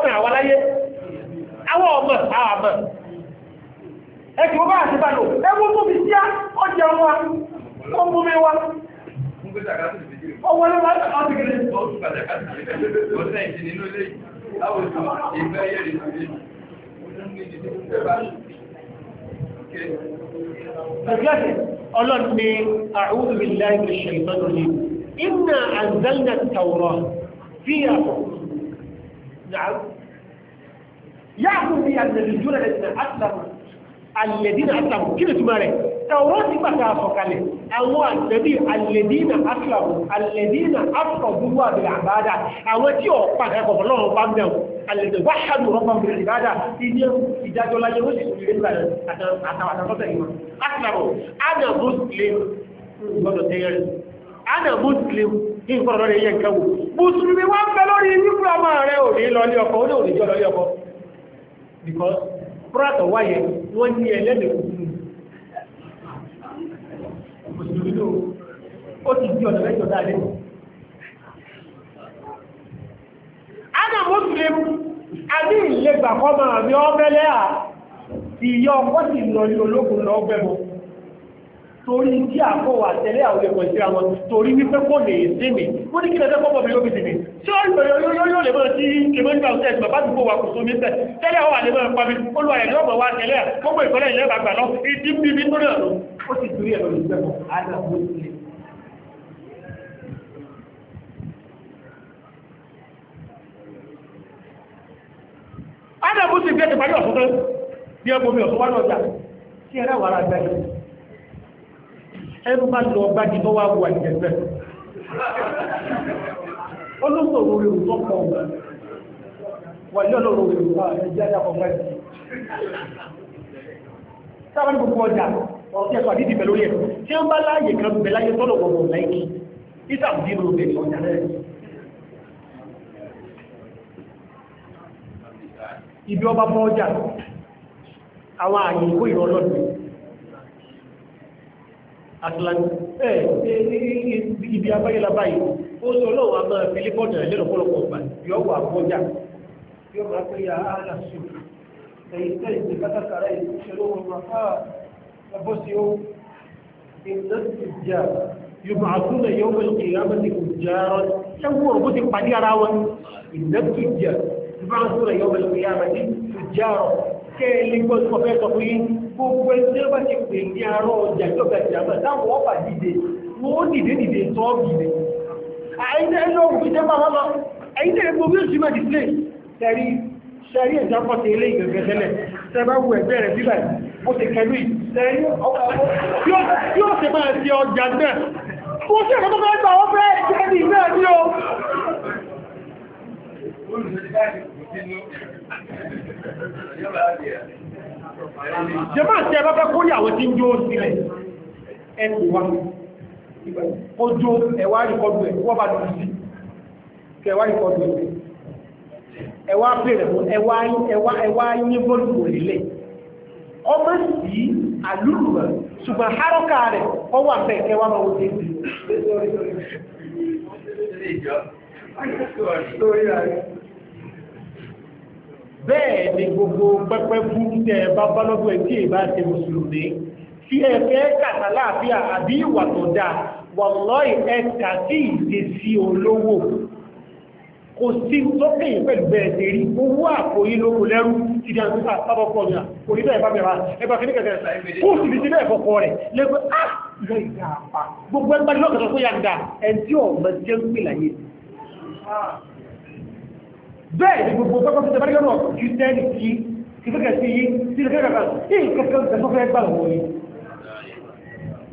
ẹ̀kì wọ́n bá àti bá lò ẹwọ́n tó fi síá ọjà wa wọ́n mú mi wá ọwọ́ ló máa tọ́ sí kiri Ẹgbẹ́sì ọlọ́ni àrùn ìlà ìṣẹ̀ ìtọ́jú ni, ìnà àzẹ́lẹ̀ tàwọ̀rọ̀ فيها حكم نعم يحكم بها النبيون الذين اسلموا alẹ́dínà asìlàmù kí ni túnmà rẹ̀ ẹ̀wọ́n ti pàtà àfọ̀kalẹ̀ àwọn àtẹ́bí alẹ́dínà asìlàmù alẹ́dínà asìlàmù àbẹ̀lẹ̀ àbáadà àwọn tí ó pàtà ẹ̀kọ̀kọ̀ lọ́wọ́ bá ń bẹ̀ alẹ́dẹ̀ wáhàdù rọ́bà bẹ̀rẹ̀ ìbáadà ilé ìdájọ́ láyé ó sì rí nígbà àtàwàtàwọ́tẹ̀ ìmọ̀ asìlàmù ana muslim gbọ́dọ̀ tẹ́yẹrẹ ana muslim ní ìfọ̀rọ̀ rẹ̀ yẹ wọ́n ní ẹlẹ́dẹ̀ kúrú mùsùlùmí ló ó ti di ọ̀nà mẹ́jọ dáadé ana muslim àbí ìlẹ́gbà kọ́ máa bí ọ́ bẹ́lẹ́ à ìyọ́ ọkọ́ sì lọ ní ológun lọ bẹ́bọ̀ torí tí àpò àtẹlé àwọn ẹ̀kọ́ ìsira wọn torí wípé kò lè dèmì ó ní kí ẹjọ́ pọ́pọ̀ mi lóbi dèmì tí ó yóò lè mọ́ tí kèmọ́ nígbà ọ̀sẹ̀ ìgbà bá dùgbò wà kò tó mẹ́sẹ̀ tẹ́lẹ̀ àwọn àlè mọ́ pàmì olùwà ẹ̀lẹ́ ọ̀gbọ̀ wa tẹ́lẹ̀ gbogbo ìkọ́lẹ̀ ìlẹ́ bàgbà lọ ìdí bíbí tó náà lọ ó sì torí ẹ̀rọ ìgbẹ́kọ̀ Adamu ti fi ẹ̀tẹ̀ parí ọ̀sán tán ní ẹgbòmí ọ̀sán wá náà jà sí ẹ̀rẹ́ wàrà àgbà yìí ẹnu bá lọ bá di lọ́wọ́ àwọn àjẹ́gbẹ́ olóòrò rẹ̀ tó pọ̀ wà ní olóòrò rẹ̀ tó ẹjẹ́ àjàpọ̀ mẹ́rin sáwọn ní gbogbo ọjà ọ̀rọ̀ ẹ̀kọ́ àdídì pẹ̀lú rẹ̀ tí ó bá láàyè kan bẹ̀ láyé tọ́lọ̀ wọ̀wọ̀ láìkí ìtàkùn dínú rẹ̀ ọjà rẹ̀ ibi ọba bọ́ ọjà àwọn àyè àtìlànà ẹ̀ ibi abáyélá báyìí ó sọ lọ́wọ́ àmọ́ fílípọ̀nà lẹ́nàpọ̀lọpọ̀ ọ̀gbà yọ wà bọ́jà yọ máa pé ya ààlà sí ẹ̀yìn tẹ́ ìdí kátàkàrà ìṣẹ́ lọ́wọ́ máa fà ẹbọ́ sí ó iná ti jà yọmọ àtúnlẹ̀ yọ mọ̀ ìkè yàmọ̀ ti kò já rọ ṣẹ́gun ọ̀rọ̀ bó ti pàdé ara wọn iná ti jà yọmọ àtúnlẹ̀ yọ mọ̀ ìkè yàmọ̀ ti kò já rọ kẹ́ẹ̀lẹ́gbọ́n gbogbo ẹgbẹ́ ọba ti pè ní arọ ọjà ìjọba ìjàmbá táwọn ọba dìde wọn ó dìde dìde sọ́ọ̀bì rẹ̀ àìdẹ́ ẹ̀yọ́ òfin jẹ́ máa lọ àìdẹ́ ẹ̀gbọ́n bí òṣìmọ̀ dìde tẹ̀rí sẹ́rí ìjápọ̀ ti ilé ìgbẹ̀gbẹ̀ tẹ́lẹ̀ tẹ́bá wù ẹgbẹ́ rẹ̀ bíbẹ̀ ó ti kẹlú ìtẹ́rí yóò ṣe máa ti ọjà náà ó ṣe ẹ̀kọ́ tó fẹ́ gbà ó fẹ́ jẹ́ni náà jẹmọ́ àti ẹbá fẹ́ kórí àwọn tí ń jó sílẹ̀ ẹkù wa ó jó ẹwà rìkọdù ẹ̀ wọ́n bá lọ́dún sí kẹwà rìkọdù ẹ̀ pèrè fún ẹwà ọmọ sí àlúrù rẹ̀ ṣùgbọ́n hárọ́kà rẹ̀ kẹwà máa wọ́n bẹ́ẹ̀ ni gbogbo pẹ́pẹ́ burú tẹ́ ẹ bá bálọ́gbọ̀ ẹ̀ tí èbá ti mùsùlùmí fi ẹ̀fẹ́ kàtà láàfíà àbí ìwà tó dáa wàlọ́ì ẹ̀ka sí ìdèsí olówó kò sí lókè pẹ̀lú bẹ́ẹ̀ ti rí owó àkòyí lóko lẹ́rú ti di àtúntà sábọ̀kọ̀ ní àkòrí bẹ́ẹ̀ bá bẹ̀rẹ̀ ẹgbà kí ní kẹsẹ̀ kó sì fi sí bẹ́ẹ̀ fọ́kọ́ rẹ̀ lẹ́gbẹ́ ah, á lọ ìgbà àpá gbogbo ẹgbẹ́ lọ́kẹ̀ẹ́ tó yà ń dà ẹ̀ tí ọ̀ bẹ́ẹ̀ ni gbogbo pápá tó tẹ́bá lọ́rọ̀ ju tẹ́lì kí kìfẹ́kẹ̀ sí yí sí ilẹ̀ kẹ́kẹ́ kan sí ìkẹ́kẹ́ ìgbẹ́fẹ́ gbà wọ́n ni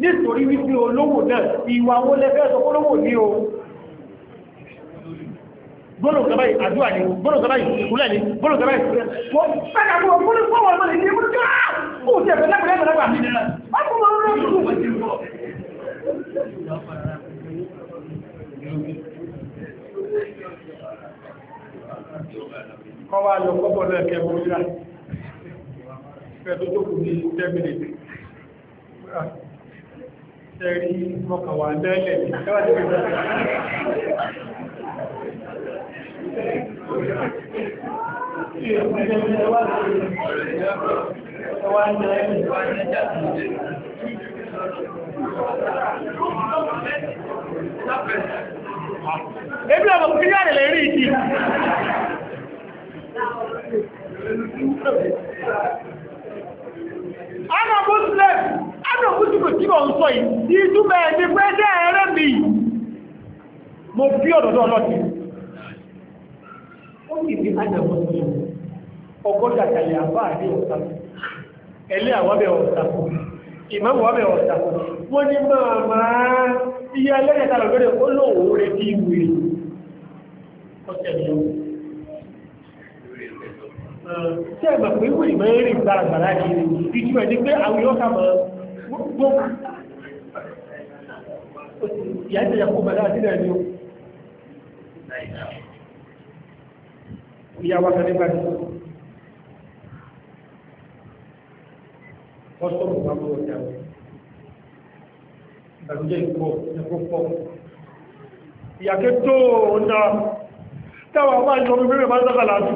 nítorí wípé olówó náà ìwà wọn lẹ́fẹ́ sọ olówó ní o gbọ́nà gaba yìí àdúrà ni gbọ́nà gaba yìí ìkúlẹ̀ ni gbọ́nà gaba yìí ìkúlẹ̀ wọ́n pẹ́kà fún ọmọ ní fọ́wọ́ ọmọ ní ìlú káà kọ́ wá lọ kọ́bọ̀ náà kẹ́bọ̀ ríra fẹ́ẹ̀tọ́ tó kù ní tẹ́mìnìtì ẹ̀rí mọ́kànwà lẹ́lẹ̀ Ebi ọmọ kìí àrẹ̀lẹ̀ rí ìdí. Ana Muslim, ana Muslim tí wọ́n sọ yìí, ìtumọ̀ ẹni pé jẹ́ ẹrẹ́ mi. Mo fi ọ̀dọ̀dọ̀ ọlọ́tí. Ó sì fi ana Muslim, ọgọ́dà tàlẹ̀ àbá àdé ọ̀sá. Ẹlẹ́ àwọ́bẹ̀ ọ̀sá. Ìmọ̀wọ̀ àbẹ̀ ọ̀sá. Wọ́n ní máa máa iye ẹlẹ́yẹ̀ta lọ́gbẹ̀rẹ̀ ó lóòwò rẹ̀ bí ìwé. Ọ̀sẹ̀ ni ó tí ẹ̀mọ̀ pé wọ́n ìmọ̀ eré gbàràgbàrà kiri ìjú ẹ̀ ní pé àwọn yóò gbogbo ìyá ìjẹ̀yà kó bàdá àti ìrẹ̀ ìyá wa kan nígbà tí ìyá wọn tó náà táwọn àwọn àjọ mi bẹ́ẹ̀ máa ń dákàlà jù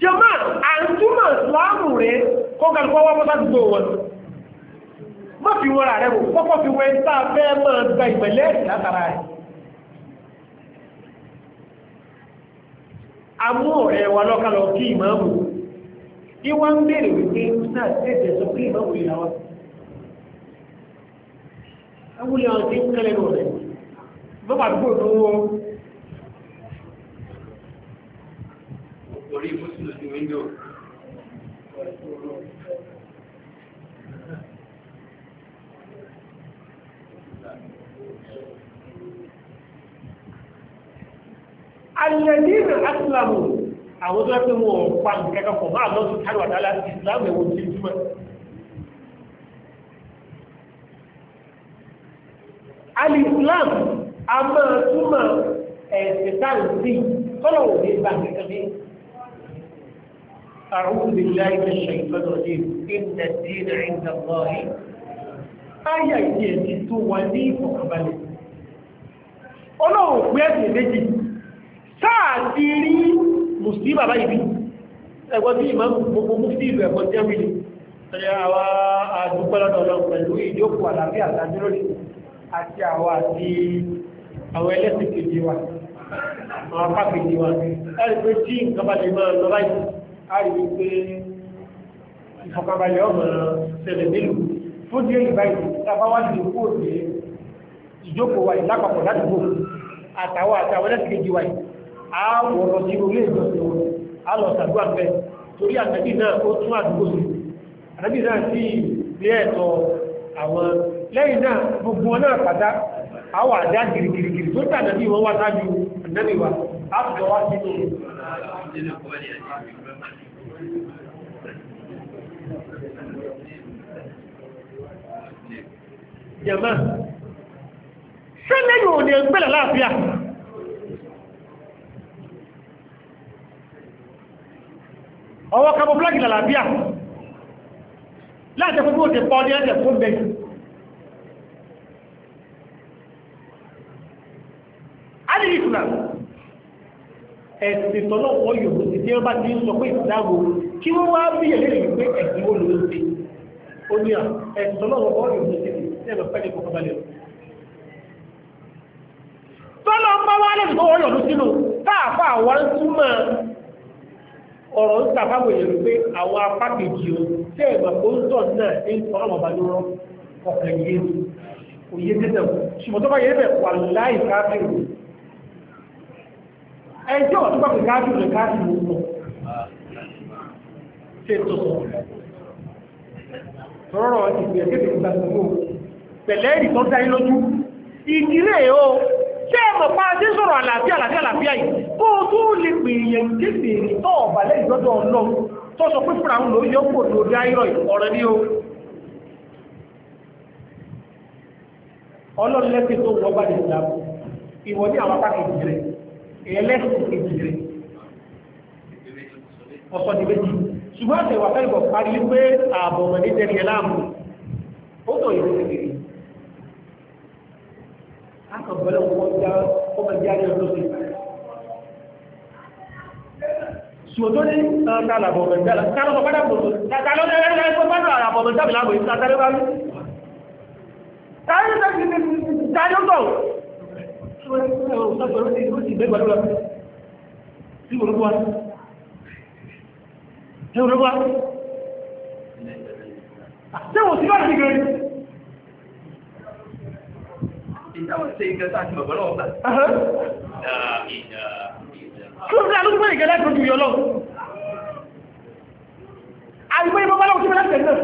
jọmọ́ àtúmọ̀ ìsìláàmù rẹ̀ kọ́kàlùkọ́ wọ́n mọ́ta gbogbo wọn má fi wọ́n rẹ̀ fi wọ́n tá fẹ́ máa gba ìpẹ̀lẹ́ ẹ̀sìn látara rẹ̀ amú ọ̀rẹ́ wa lọ́kàlọ́ kí ìmáàmù ìwọ́n lọ́pàá àdúgbò tó wó orí mùsùlùmí sí wíńdò alẹ́dínà asìlámù àwọn tó ẹ́pẹ́ wọn pa nkẹ́kẹ́ fọ̀ máa lọ́sùn kárù àtàlá ìsìlámù ẹ̀wọ̀n tí jùmọ̀ alìsìlámù a máa túmọ̀ ẹ̀sìn táǹtì tọ́lọ̀ òde bá nìkan ní. أعوذ بالله من الشيطان الرجيم إن الدين عند الله آية يجي تولي مقبلة ọlọ́run pé ẹ̀sìn méjì sáà ti rí mùsùlùmí bàbá ìbí ẹgbọ́n tí ìmọ̀ gbogbo mùsùlùmí ìlú ẹ̀gbọ́n tí ẹ̀mí ni ẹ̀yà àwa àdúgbò ọlọ́run pẹ̀lú ìjókòó àlàáfíà àtàdúró àti àwa àti àwọn ẹlẹ́sìn kejì wa àwọn apá kejì wa láti pé tí nǹkan bá lè máa lọ báyìí á rí i pé ìfọkànbalẹ̀ ọmọ ṣẹlẹ̀ nílùú fún díẹ̀ ìbáyìí tàbá wá lè kú òde ìjókòó wa ìlápapọ̀ ládùúgbò àtàwọn àtàwọn ẹlẹ́sìn kejì wa yìí á wọ̀ lọ sí orí ìjọsìn wọn á lọ sàdúrà bẹ́ẹ̀ torí àtàbí náà ó tún àdúgbò sí àtàbí náà sí ìgbé ẹ̀tọ́ àwọn lẹ́yìn náà gbogbo náà pàtà àwọn àdá gírígírí ìgbésà nàbí wọn wá sáájú nàbí wa á fi wá sínú jẹ̀mọ́ sẹ́lẹ̀ yóò ní ẹgbẹ́lẹ̀ láàfíà ọwọ́ kabọ̀ blọ́gì lálàáfíà láti ẹkùn tó ti pọ̀ ní ẹ̀ẹ́dẹ̀ fún bẹ́ẹ̀ ẹ̀sìn tọ́lọ̀ wọ́n yòó ti tí wọ́n bá ti ń sọ pé ìdáàbò kí wọ́n wá bí ẹ̀lẹ́ rẹ̀ pé ẹ̀sìn wo ló ń ṣe ó ní à ẹ̀sìn tọ́lọ̀ wọ́n yòó ti ti tí ẹ̀mọ̀ fẹ́ ní kọ́kọ́ balẹ̀ tọ́lọ̀ ń bá wá lẹ́sìn tó wọ́n yòó sínú káàfà wá ń túmọ̀ ọ̀rọ̀ ń sàfáwò èèyàn pé àwọn apá kejì o tẹ́ ẹ̀mọ̀ kó ń tọ̀ náà ń tọ́ ọmọ bá lórọ́ ọ̀kàn yé òye tẹ́tẹ̀ ṣùgbọ́n tó bá yẹ bẹ̀ wà láì káfíìn ẹjọ́ tó bá pẹ̀lú káàkiri rẹ̀ káàkiri mú lọ ṣe tó rọrọ̀ ìgbẹ̀ kéde ìgbà gbogbo pẹ̀lẹ́ ìrì tó dá ilójú ìdílé o ṣé ẹ̀mọ̀ pa ti sọ̀rọ̀ àlàáfíà àlàáfíà àlàáfíà yìí kó o tó lè pè èèyàn kéde ìrì tó ọ̀bà lẹ́yìn lọ́dọ̀ ọlọ́run tó sọ pé fúnra òun ló yọ kó o dá irọ́ ọ̀rẹ́ ní o ọlọ́run lẹ́sìn tó wọ́n bá lè dà ìwọ ní àwọn apá kejì rẹ̀ ẹlẹ́sìn kejì rẹ̀ ọ̀sọ̀ ti méjì ṣùgbọ́n àti ìwà fẹ́lẹ̀ bọ̀ parí pé ààbò ọmọdé tẹ̀lé ẹ láàmú ó tọ̀ ìwé kékeré akọ̀bẹ̀lẹ̀ wọn já ọmọ ìyá rẹ̀ lọ́sẹ̀ sòtòní ta làbọ̀ ọmọ ìjà lọ́sẹ̀ kálọ́ ọ̀pá dàbò ta lọ́sẹ̀ rẹ̀ lọ́sẹ̀ tó bá lọ àbọ̀ ọmọ ìjà mi láàbò ìta tẹ́lẹ̀ bá mi. Tẹ́wọ̀n sí bá ti gẹ̀rẹ̀. Ìjáwọ̀ sí ìgẹ̀ta àti bàbá náà bá. Kí ló fẹ́ alúgbọ́ ìgẹ̀lẹ́ tó jù yọ lọ? Àìgbẹ́ ìbọn bá lọ́wọ́ tí mẹ́lẹ́ tẹ̀lẹ̀.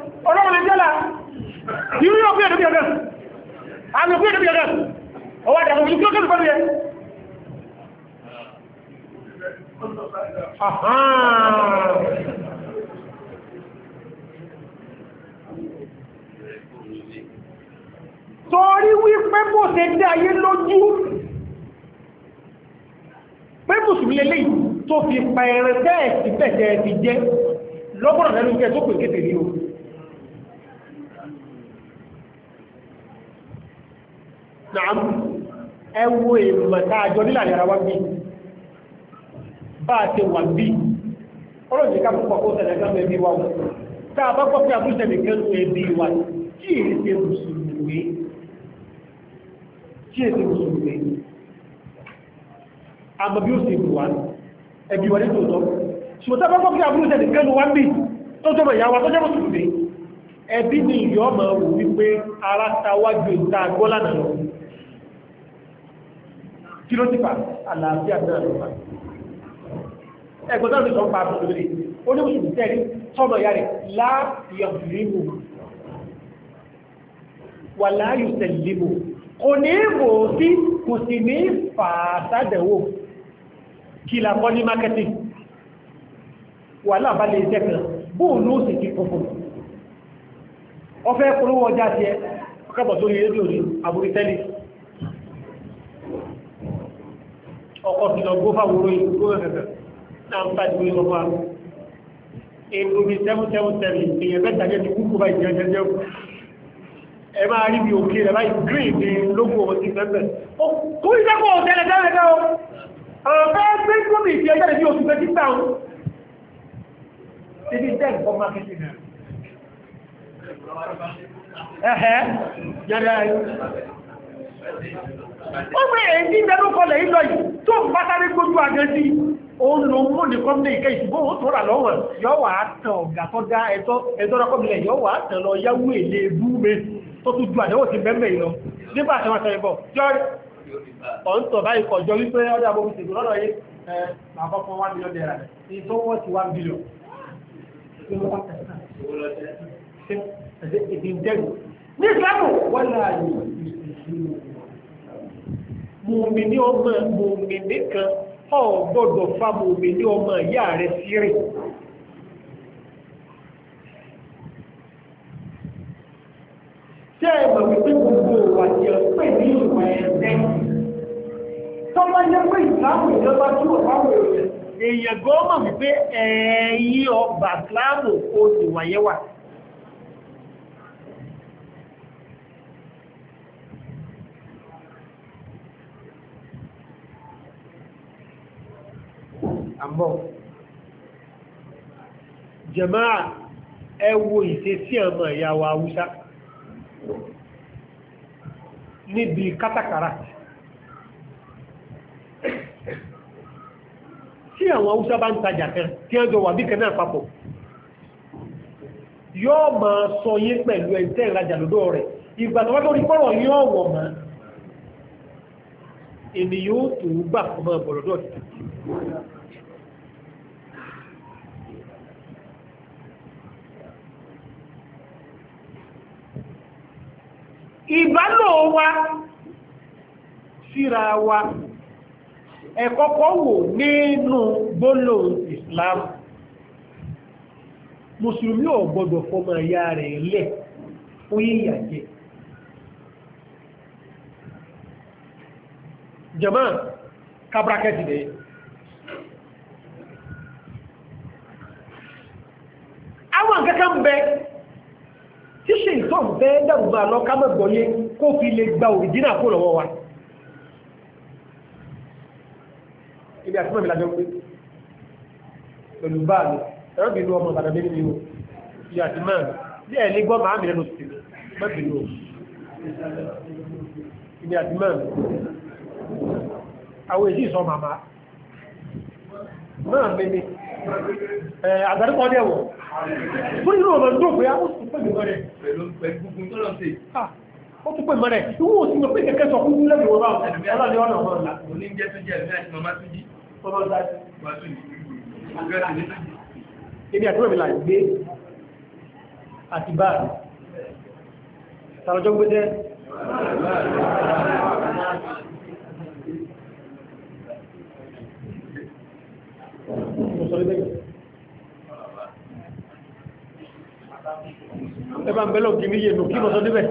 Ẹ ọlọ́run jẹ́lá irú yóò fíyẹ̀ dókè ọ̀gẹ́sù àmì fíyẹ̀ dókè ọ̀gẹ́sù ọwọ́ àdàkọ̀ òjú kí ó kẹ́sù pẹ̀lú yẹ torí wípé bó ṣe dé ayé lójú pé mùsùlùmí eléyìí tó fi pẹ̀rẹ̀ tẹ́ẹ̀sì tẹ́ẹ̀sì jẹ́ lọ́gbọ̀nà lẹ́nu jẹ́ tó pè kéte ní o nàám ẹwọ èèmọ̀ tá àjọ nílà yàrá wá bí bá a ti wà bí ọlọ́dún ká púpọ̀ kó tẹ̀lé kan bẹ́ẹ̀ bí wà wọ́n tá a bá kọ́ pé àbúṣe nìkan tó ẹbí wa kí èyí ṣe mùsùlùmí kí èyí ṣe mùsùlùmí àmọ́ bí ó ṣe bù wá ẹbí wa ní tòótọ́ ṣùgbọ́n tá a bá kọ́ pé àbúṣe nìkan tó wá bí tó tọ́ bẹ̀ yà wá tó jẹ́ mùsùlùmí ẹbí ni ìyọ́ máa wù wípé ara ta kí ló ti fà àlàáfíà náà ló fà ẹgbọ́n tó ń sọ pa àbúrò lórí onímùsùn tẹ́rí tọ́lọ̀ ya rẹ̀ láàyọ̀lẹ́mù wà láàyọ̀tẹ̀lẹ́mù kò ní mò sí kò sì ní fàásádẹ̀wò kí làkọ́ ní marketing wà láàbá lè jẹ́ kan bóòlù ó sì ti kòkòrò ọfẹ́ polówó ọjà tiẹ̀ kọ́kọ́ bọ̀ sórí rédíò ní àbúrí tẹ́lẹ̀ ọkọ̀ ti lọ gbó fáwọrọ̀ yìí gbó ẹ̀fẹ̀fẹ̀ náà ń fàdí wí lọ́wọ́ ètò mi seven seven seven èèyàn mẹ́ta jẹ́ ti kúkú báyìí jẹ́ jẹ́jẹ́ ẹ máa rí bí òkè rẹ̀ báyìí green ní lóko ọ̀hún ti fẹ́fẹ́ kó o tẹ́lẹ̀ tẹ́lẹ̀ tẹ́ o àwọn fẹ́ gbé gómìn ìfi ẹjẹ́ rẹ̀ bí oṣù o ti fi jẹ́ ìfọ́ marketing náà ẹ̀hẹ́ yàrá yìí ó gbé èyí ìdẹ́nu kọlẹ̀ ìlọ yìí tó ń bá sáré gbójú àgẹ́ sí òun ló mú ní kọ́mílẹ̀ ìkẹ́ ìṣùgbọ́n ó tó rà lọ́wọ́ yọ wà á tàn ọ̀gá tó dá ẹ̀tọ́ ẹ̀tọ́ rọ́kọ́mílẹ̀ yọ wà á tàn lọ yáwó èlé búme tó tún ju àdẹ́wò sí bẹ́ẹ̀ lọ nígbà tí wọ́n sẹ́yìn bọ̀ jọ́rí ọ̀ǹtọ̀ báyìí kọjọ wípé ọdún abọ́ ti lọ́dọ̀ yìí àkọ́kọ́ wá mílíọ̀n náírà mùmìnì ọmọ mùmìnì kan ò gbọ́dọ̀ fa mùmìnì ọmọ ìyá rẹ̀ sírì jẹ́ ẹ̀mọ̀ wípé gbogbo ìwà tí ó pè ní ìwà ẹ̀dẹ́ tọ́lá yẹ pé ìsìláàmù ìjọba tí ò fáwọn èèyàn èèyàn gọ́ọ̀mọ̀ wípé ẹ̀yìn ọgbà ìsìláàmù ó ìwà yẹwà àmọ́ jẹmáà ẹ wo sí ọmọ wa níbi kátàkárà tí àwọn Haúsá bá ń tajà kan tí wọ́n jọ wà bí yóò sọ yé pẹ̀lú ẹ̀ntẹ́ ìrajà lọ́dọ̀ rẹ̀ ìgbà tó wá pọ́rọ̀ yóò wọ̀ mọ́ ènìyàn tó ìbálò wa síra wa ẹ̀kọ́kọ́ wò nínú gbólò Islam mùsùlùmí ò gbọdọ̀ fọmọ ìyá rẹ̀ lẹ̀ fún yíyà jẹ jama kabrakẹ́tì rẹ̀ àwọn ń bẹ́ẹ̀ ìtọ́ bẹ́ dẹ̀rùbà lọ kámẹ́gbọ̀yé kó fi lè gba òrìjínà kó lọ́wọ́ wa ibi àti mọ̀mí lájọ́ pé pẹ̀lú bá mi ẹ̀rọ bìnú ọmọ ìbàdàn mi nínú ibi àti mọ̀ bí ẹ̀ ní gbọ́ màá mi lẹ́nu sí mọ́bìnú ibi àti mọ̀ àwọn èyí sọ màmá náà mímí àgbàdìkọ́ ọdẹ wọ̀ fún ìlú ọmọ ìjọba ó tún pè mọ́ rẹ̀ ìwọ̀n òsì mọ̀ pé kẹ́kẹ́ sọ fún ilé ìwọ̀n bá ọ̀lọ́dẹ ọ̀nà ọ̀rọ̀ ọ̀la òní jẹ́ tó jẹ́ ẹ̀mí àti màmá tó jí ọmọ ọ̀la èmi àti mẹ́mìlá gbé àti báàrù tàbí gbé jẹ́ Thank you. ẹbá ń bẹ́lọ̀ gí níyè nù kí mọ́ sọ níbẹ̀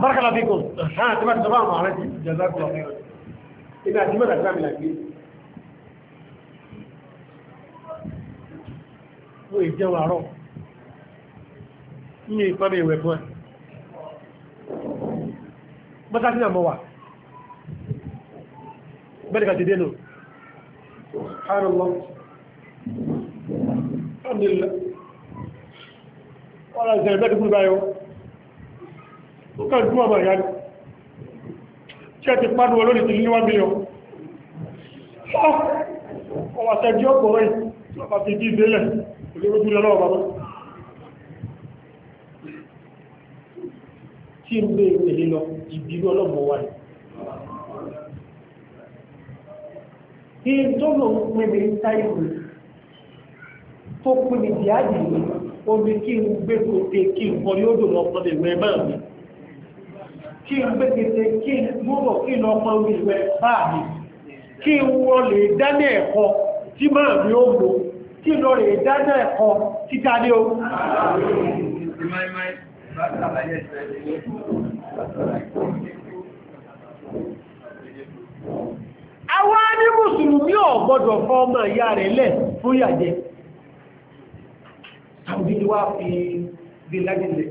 bárakàlá fi kùn ṣáà tí bá ti sọ bá àwọn ààrẹ ti jẹ́zákùn ọ̀fẹ́ rẹ̀ ìgbà àti mọ́ta gbámi làgbé ó ìjẹun àárọ̀ ní ìpamẹ́ ìwẹ̀ fún ẹ mọ́ta sí àmọ́ wà bẹ́ẹ̀ka ti dénú ṣàrànlọ́ ọdílẹ̀ ọ̀rọ̀ ìṣẹ̀lẹ̀ bẹ́ẹ̀ fún báyọ́ ó kàn tún àmà ìyá tí a ti pàdù wọ lónìí ti ní 1 million ọwà tẹ́jú ọ̀pọ̀ rẹ̀ ọba ti jí ìdélẹ̀ olórójú lọ́wọ́ ń bèèrè lọ ìbírú ọlọ́mọ wáyé tí tó lò ń pè mí táìpù tó pè mí di àjèjì omi kí n gbé kote kí n bọ́ yóò dò lọ pọ̀ lè wẹ́ bẹ́ẹ̀ mi kí n gbé kote kí n gbúrò kí n lọ pọ̀ lè wẹ́ báà mi kí n wọ́n lè dáná ẹ̀kọ́ tí máa mi ó lò tí lọ lè dáná ẹ̀kọ́ títa ní o. Thank àwa ní mùsùlùmí ò gbọ́dọ̀ fọ́ ọmọ ìyá rẹ̀ lẹ̀ fún yàjẹ́ ni wá fi bí lágìlẹ̀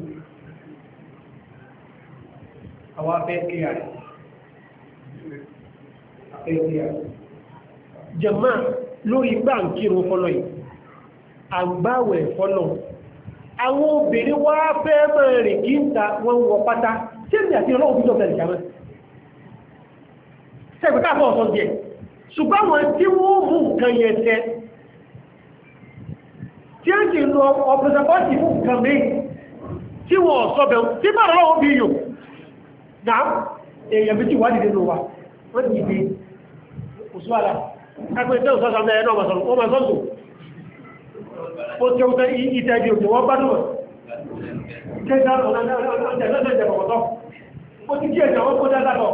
àwọn afẹ́ kíyà rẹ̀ afẹ́ kíyà rẹ̀ jẹ̀mọ́ lórí gbàǹkírun fọ́lọ́ yìí àgbáwẹ̀ fọ́lọ́ àwọn obìnrin wá fẹ́ mọ̀ rìn kí ń ta wọ́n wọ pátá tí èmi àti ọlọ́run fi jọ bẹ̀rẹ̀ jàmọ́ sẹ́gbẹ̀ká fọ́ ọ̀sán díẹ̀ ṣùgbọ́n wọn tí wọ́n mú nǹkan yẹn tẹ́ tí ó sì lọ ọ̀pọ̀lọpọ̀ pọ́sì fún nǹkan mí tí wọ́n sọ́bẹ̀ tí bá rọ́wọ́ bí yò náà èèyàn bí tí wà dìde lọ wà wọ́n ti dìde òṣùwàlá ẹgbẹ́ ìtẹ́ òṣùwàlá mẹ́rin náà mọ̀sọ̀rọ̀ ó mọ̀sọ̀rọ̀ ó tẹ́ òṣùwàlá ìtẹ́jú òkè wọ́n bá dùn Ìjẹ́jẹ́ àwọn ọ̀nà ọ̀nà ọ̀nà ọ̀nà ọ̀nà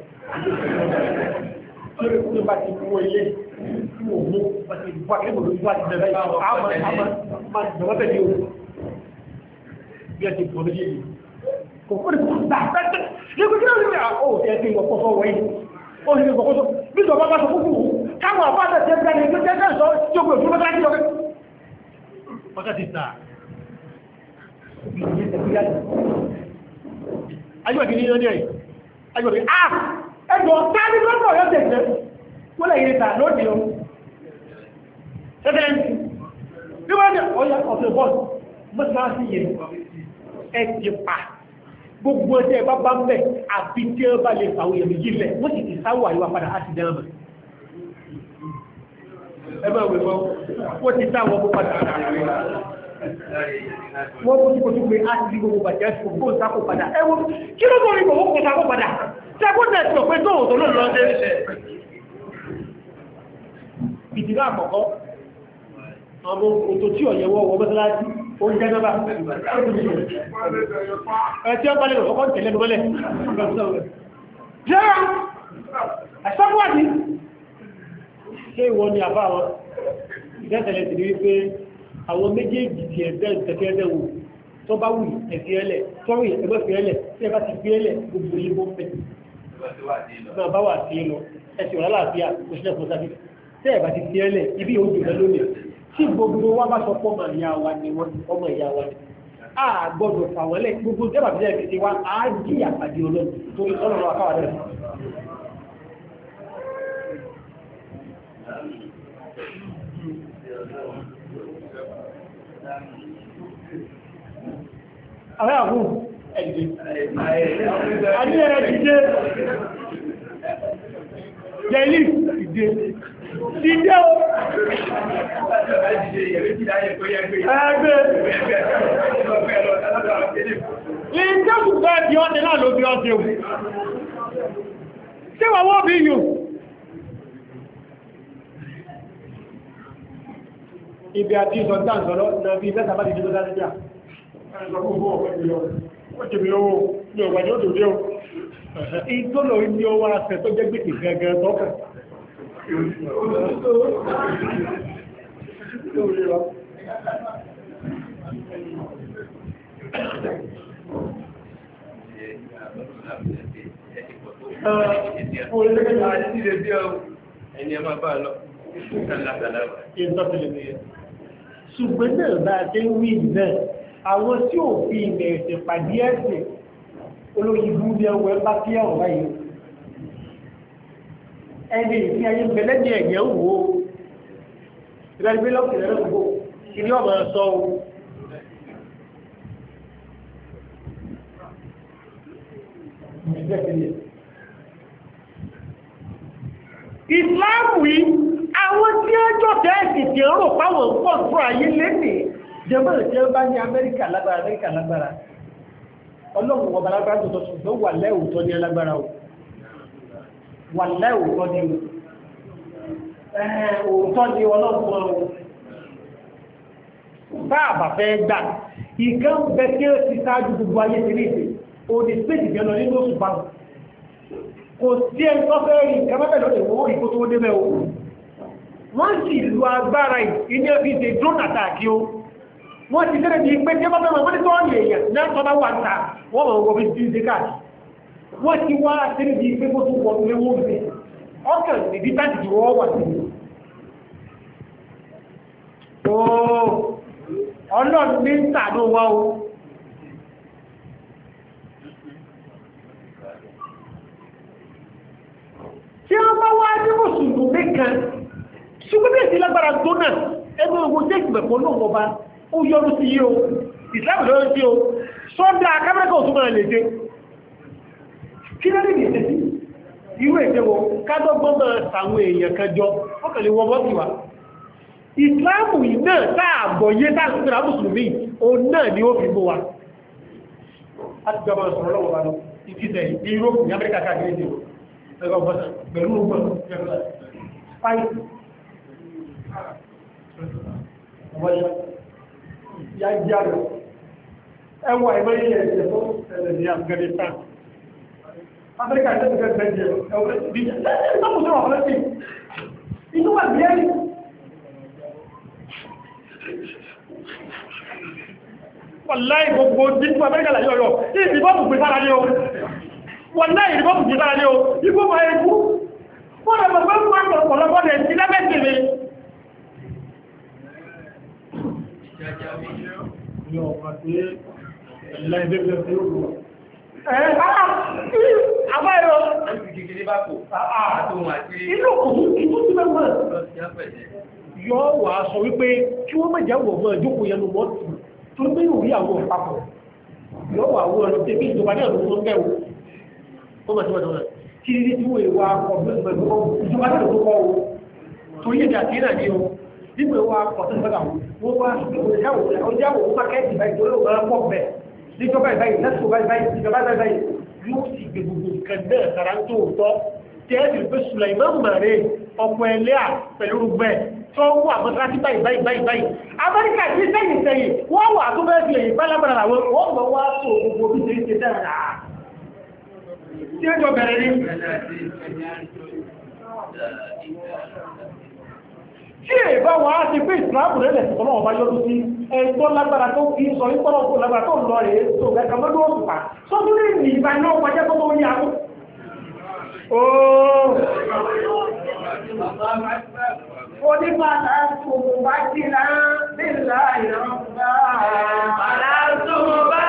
lórí kú tó bá ti kú ilé tí wò mú bá ti bá kí mo lójú bá ti bẹ̀rẹ̀ àmọ́ àmọ́ máa ti bẹ̀rẹ̀ bẹ̀rẹ̀ o bí ẹ ti bọ̀ méjì yìí kò kó ní kó gbà pẹ́pẹ́ ní kó kíló níbi àwọn òkè ẹ ti ń gbọ́kọ́ sọ wọ̀nyí ó ní gbọ́kọ́ sọ bí sọ bá bá sọ fúfú káwọn àbá àti ẹgbẹ́ ẹgbẹ́ ẹgbẹ́ ẹgbẹ́ sọ tí ó gbé òfin mọ́tà ní ọkẹ́. ọ̀sẹ̀ ti tà ayọ̀ kìíní ní ọdún yẹn ayọ̀ kìíní ah! ẹjọ́ káàdì lọ́pọ̀ ọ̀yọ́ tẹ̀sẹ̀ wọ́n lè yẹta lóde o ṣẹ́fẹ́ntì bí wọ́n jẹ́ ọ̀yọ́ ọ̀sẹ̀ pa gbogbo ẹjẹ́ bá bá ń bẹ̀ àbí tí ó bá lè fàwọn èèyàn méjì lẹ̀ wọ́n sì ti sáwọ́ àyíwá padà á sì dẹ́rẹ́ mọ̀ ẹ bá wẹ̀ fọ́ wọ́n ti sáwọ́ bó padà wọ́n kó tó kó tó pé á ti ṣẹ́gbọ́n náà ti rò pé tóhùn tó ló lọ dé níṣẹ́ ìdílé àkọ́kọ́ àwọn òtò tí ọ̀yẹ̀ wọ́ wọ́ mọ́sálásí oúnjẹ náà bá ẹ̀tí ọ̀pá lẹ́nu ọkọ̀ tẹ̀lé ẹnu mọ́lẹ̀ jẹ́rọ àṣọ́gbọ́dì ṣé ìwọ ni àbá wọn ìdẹ́tẹ̀lẹ̀ ti ní wípé àwọn méjèèjì ti ẹ̀bẹ́ ìtẹ̀fẹ́ ẹ̀bẹ́ wò tó bá wù ẹ̀fẹ́ ẹlẹ̀ tọ́rì ẹ̀gbẹ́fẹ́ ẹlẹ̀ tí ẹ bá ti fi ẹlẹ̀ gbogbo ilé bọ́ bẹ́ẹ̀ náà bá wà sí lọ ẹ̀sìn ọ̀rọ̀ àlàáfíà òṣìṣẹ́ fún sábì tẹ́ ẹ̀ bá ti tiẹ́ lẹ̀ ibi yóò jùlọ lónìí tí gbogbo wa bá sọ pọ́mọ ìyá wa ni wọ́n ọmọ ìyá wa ni a gbọ́dọ̀ fàwọ́lẹ̀ gbogbo jẹ́ bàbá ẹ̀ fi wa á jí àpàdé ọlọ́run torí ọlọ́run akáwà dẹ̀ àwọn àbúrò Adé ẹ̀rẹ́ dìde. Jẹ́lì dìde. Dìde o. Ẹgbẹ́. Ìjọ́bù bá di ọ́dẹ náà ló bí ọ́dẹ o. Ṣé wà wọ́n bí yìí? Ibi àti ìsọ̀tà ìsọ̀lọ́ na bí mẹ́ta bá dìde tó dájú jà. Ẹ̀sọ̀kú fún ọ̀pẹ́ ìlọ́rẹ̀ ó jẹ̀mí lọ́wọ́ ní ọ̀gbà ní òdòdó ọ̀ ìtọ́lọ̀ ní ọwọ́ afẹ́ tó jẹ́ gbèsè gangan tọ́kà Ẹni ẹ máa bá lọ, ṣùgbọ́n náà bá a ṣe ń wí náà àwọn tí ò fi ilẹ̀ ẹ̀sẹ̀ pàdé ẹ̀sẹ̀ olóyìnbó bí ẹwọ ẹ bá kí ẹwọ báyìí ẹni ìdí ayé bẹlẹ́dẹ̀ ẹ̀yẹ́ wò ó ìrẹ́lẹ́gbé lọ́kùnrin rẹ̀ gbogbo ìní ọ̀mọ̀ sọ o. ìsìláàmù yìí àwọn tí ẹjọ́ tẹ́ẹ̀sì tí ń rò páwọn jẹ́mọ́ ìjẹ́ bá ní amẹ́ríkà lágbára amẹ́ríkà lágbára ọlọ́run ọba lágbára tó tọ́sùn tó wà lẹ́òótọ́ ní alágbára o wà lẹ́òótọ́ ní o òótọ́ ní ọlọ́run o bá àbà fẹ́ gbà ìkan bẹ kí ó ti ṣáájú gbogbo ayé ti rí ìpè òní spéjì jẹ́ lọ nínú oṣù báwọn kò sí ẹni tó fẹ́ rí ìkan mẹ́bẹ̀ lọ́dẹ̀ wọ́n rí kó tó débẹ̀ o wọ́n sì lu agbára ìní ẹbí ṣe drone attack yìí o wọ́n ti tẹ́rẹ̀ bíi pé jẹ́bọ́ mẹ́wàá wọ́n ní tọ́ ní èèyàn náà tọ́ bá wà ń ta wọ́n mọ̀ wọ́n fi ti ṣe káàkiri wọ́n ti wá tẹ́rẹ̀ bíi pé wọ́n tún wọ́n lé wọ́n fi ọkàn níbi tá ti wọ́ wà sí i. ooo ọlọ́run ní ń tà ló wá o. tí wọ́n bá wá ní mùsùlùmí kan ṣùgbọ́n bí èsì lágbára tó náà ẹgbẹ́ ogun jẹ́ ìgbẹ̀pọ̀ náà wọ́n bá ó yọrù sí yíò ìsìláàmù lọ́rọ̀ sí o sọ́dá akẹ́mẹ́kọ̀ òtún máa lè dé kí lẹ́rìn ní ìsẹ́sí irú èdè wọn kádọ́gbọ́n máa tàwọn èèyàn kan jọ ọkànlẹ̀ wọn bọ́sì wa ìsìláàmù náà sáàbọ̀yé sáàbọ̀yé mùsùlùmí òun náà ni ó fi mú wa láti gbọ́mọ̀ sọ̀rọ̀ lọ́wọ́ wa lọ ìfisẹ̀ ìró ní Amẹ́ríkà káàkiri ìdè ẹgbẹ́ ọ̀bọ̀sà pẹ̀lú ọgbọ̀n fáyì ìyá ìyá rẹ̀ ẹwà ìmọ̀ye ẹ̀jẹ̀ tó ṣẹlẹ̀ ní Afghanistan Africa ṣe e e, e, ti fẹ́ bẹ́ẹ̀ jẹ ẹ̀wọ̀n ìbí ìsọ́kùnrin wà fẹ́ẹ́ sí inú wà bí ẹ̀rí. Wàláì gbogbo tí ń fún Amẹ́ríkà láyé ọ̀yọ́, tí ìbọ́bù pè sára ní o. Wàláì ìbọ́bù pè sára ní o, ikú máa ń kú. Wọ́n rẹ̀ mọ̀ pé wọ́n rẹ̀ pọ̀lọpọ̀ rẹ̀ sí lẹ́mẹ̀sì Yọ́ wà sọ wípé kí wọ́n mẹ́jà wọ̀ mọ́ ìjókòó yẹnu mọ́ tí tó gbé ìwòrí àwọn ìpapọ̀. Yọ́ wà wọ́n lọ tẹ́bí ìjọba náà lọ́wọ́ ń bẹ̀wò. Ó mọ̀ tí wọ́n tọ́wọ́ kí ní tí wọ́n ìwà ọ̀gbẹ́ ìjọba náà lọ́wọ́ wọ́n wá ọjà wò ó pàkẹ́ẹ̀tì báyìí tó lóògbé ọ̀pọ̀ bẹ̀ níjọba ìbáyìí lẹ́sùn báyìí báyìí ìjọba ìbáyìí yóò sì gbé gbogbo nǹkan náà sára tó tọ́ tẹ́ẹ̀dì pé Sulaiman mare ọ̀pọ̀ ẹlẹ́à pẹ̀lú rúgbẹ́ tó wù àmọ́sáàtì báyìí báyìí báyìí báyìí Amẹ́ríkà ti sẹ́yìn sẹ́yìn wọ́n wà tó bẹ́ẹ̀ fi èyí bálábàrà làwọn wọ́n mọ̀ wá tó gbogbo bí ṣe ń ṣe dára tí ó bẹ̀rẹ̀ ní tí èèbá wọn á ti pé ìsìláàmù lẹ́lẹ̀ tí ọlọ́wọ́ bá yọdún sí ẹ̀tọ́ lágbára tó kí sọ ìpọ́lọ̀ tó lágbára tó lọ rèé tó gẹ́gẹ́ mọ́dú òṣùpá sọ́dún lè ní ìgbà náà wájẹ́ tó tó ń yàgò. onígbà láti òun bá jìnnà nílà ìrọ̀lá. àlàáfíà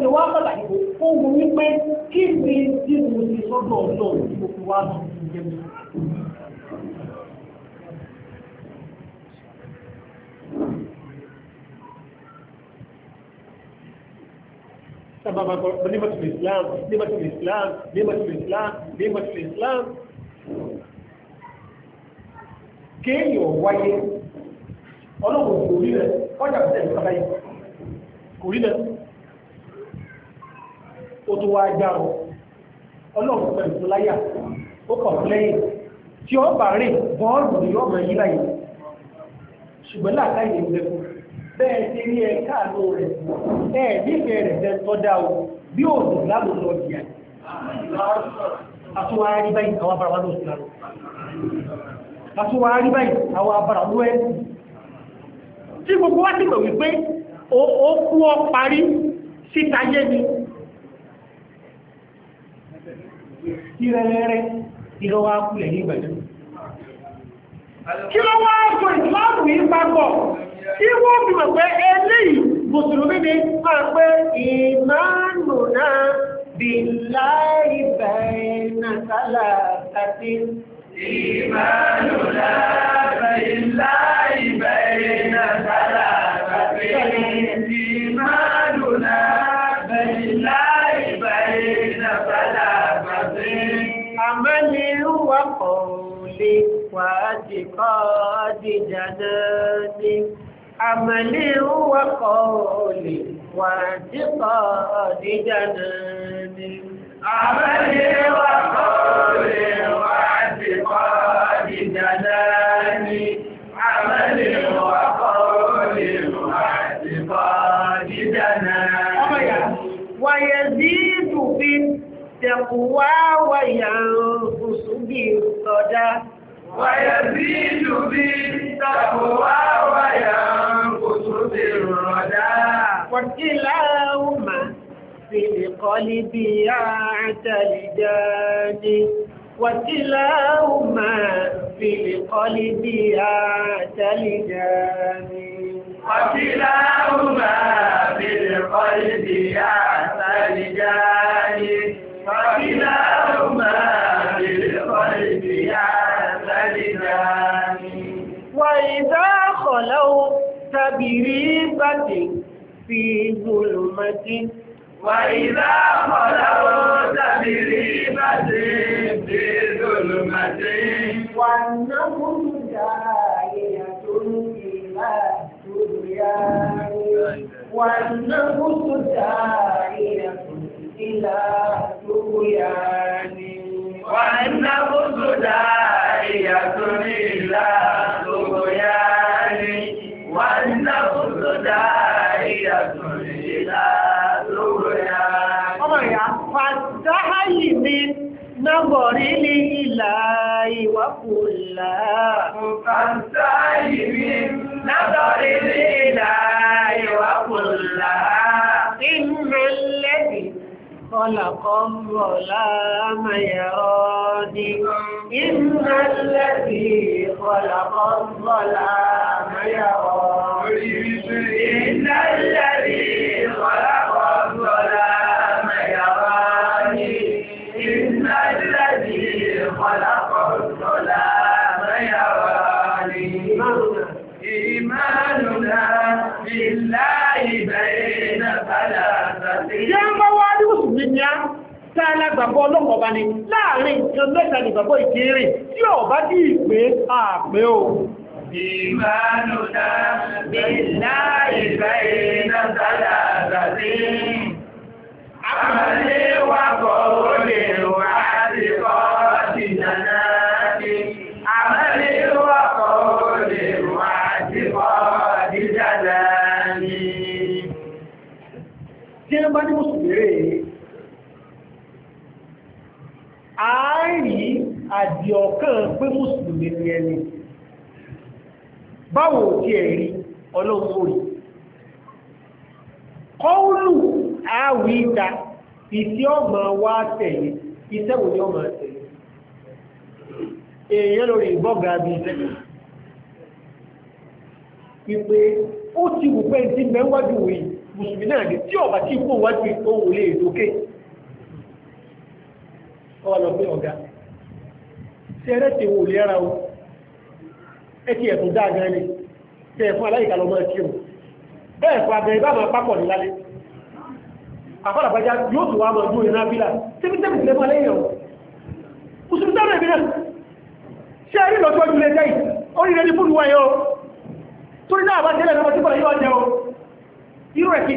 ti wá pàtàkì fún mi wípé kí ni tí mo ti sọ́dọ̀ ọ̀dọ̀ tí mo fi wá lọ sí ìjẹ́ mi. Sábàbà kọ́ nímọ̀tò Islam, nímọ̀tò Islam, nímọ̀tò Islam, nímọ̀tò Islam. Kéèyàn wáyé, ọlọ́run kò rí rẹ̀, ọjà kò tẹ̀lé kọ́ báyìí, kò rí rẹ̀ ó tó wá gbárò ọlọ́run pẹ̀lú tó láyà ó kàn lẹ́yìn tí ó bà rìn bọ́ọ̀lù ni yóò mọ̀ yí láyé ṣùgbọ́n láàkáyè ń bẹ fún bẹ́ẹ̀ ti rí ẹ káàló rẹ̀ ẹ nífẹ̀ẹ́ rẹ̀ fẹ́ tọ́ dá o bí ó dùn láàrú lọ tí gbogbo wá sì mọ̀ wípé ó kú ọ parí síta yé ni sí rẹ́rẹ́rẹ́ kí ló wá kú lẹ́yìn ìgbà náà. kí ló wá sọ ìsìláàmù yìí papọ̀ tí wọ́n fi mọ̀ pé eléyìí mùsùlùmí ni pé ìmáàmù náà bíláì bẹ̀rẹ̀ sálà وقولي واعتقاد جناني عملي وقولي واعتقاد جناني عملي وقولي واعتقاد جناني عملي وقولي واعتقاد جناني ويزيد في التقوى وينقص الصدى ويزيد بالتقوى وينقص بالردى وكلاهما في القلب يعتلجان وكلاهما في القلب يعتلجان وكلاهما في القلب يعتلجان وكلاهما كبريبة في ظلمة وإذا خلوت بريبة في ظلمة وأنهم داعية إلى الطغيان وأنهم داعية إلى الطغيان وأنهم داعية إلى الطغيان Ọmọ ìyá, fàtàhàyì mi nọ́bọ̀rí ní ìlà ìwàkùnlá. Fàtàhàyì mi nọ́bọ̀rí ní ìlà ìwàkùnlá. Ìmọ̀lẹ́bìn خلق الظلام يراني إن الذي خلق الظلام يراني إن الذي خلق الظلام ìgbàgbọ́ ọlọ́pọ̀ bá ní láàrin nǹkan mẹ́ta ìgbàgbọ́ ìkéré tí ó bá dí ìpé àpẹ́ o ìmánúdá bí láì fẹ́ iná sálà àgbàdí àmàléwàkọ̀ olè wà á ti kọ́ sí nàná àmàléwàkọ̀ olè wà á ti kọ́ sí jàdá ní. Tí ẹ bá ní mùsùlùmí rèé, àárí àdìọ̀kàn pé mùsùlùmí ni ẹni báwo tí ẹ̀rí ọlọ́gbòrì kọ́ọ̀lù àwí ìta ìtí ọmọ wá tẹ̀lé iṣẹ́ wò ní ọmọ tẹ̀lé èèyàn lórí ìgbọ́gà bí iṣẹ́ wípé ó ti wù pé ti mẹ́wájú wì mùsùlùmí náà tí ọba tí kò wájú ìtòwò lè dókè ọwọ́ lọ pé ọ̀gá ṣe ẹrẹ́ ti wò lẹ́ra o ẹ ti ẹ̀tún dáa gan ni ṣe ẹ̀fún aláìka lọ́mọ ẹ kírun bẹ́ẹ̀ fún abẹ ibà máa pápọ̀ ní lálẹ́ àfọlàbájá yóò tún wá máa dúró ní nábìlà tẹ́bítẹ́bì ti lẹ́fún aláìyàn o kùsùn dáná ìbí náà ṣe ẹrí lọ́jọ́ ìjùlẹ̀ jẹ́ yìí ó rí rẹ́ni fúnni wáyé o torí náà bá tẹ́lẹ̀ lọ́mọ tí bọ̀ yóò jẹ o irú ẹ̀ kìí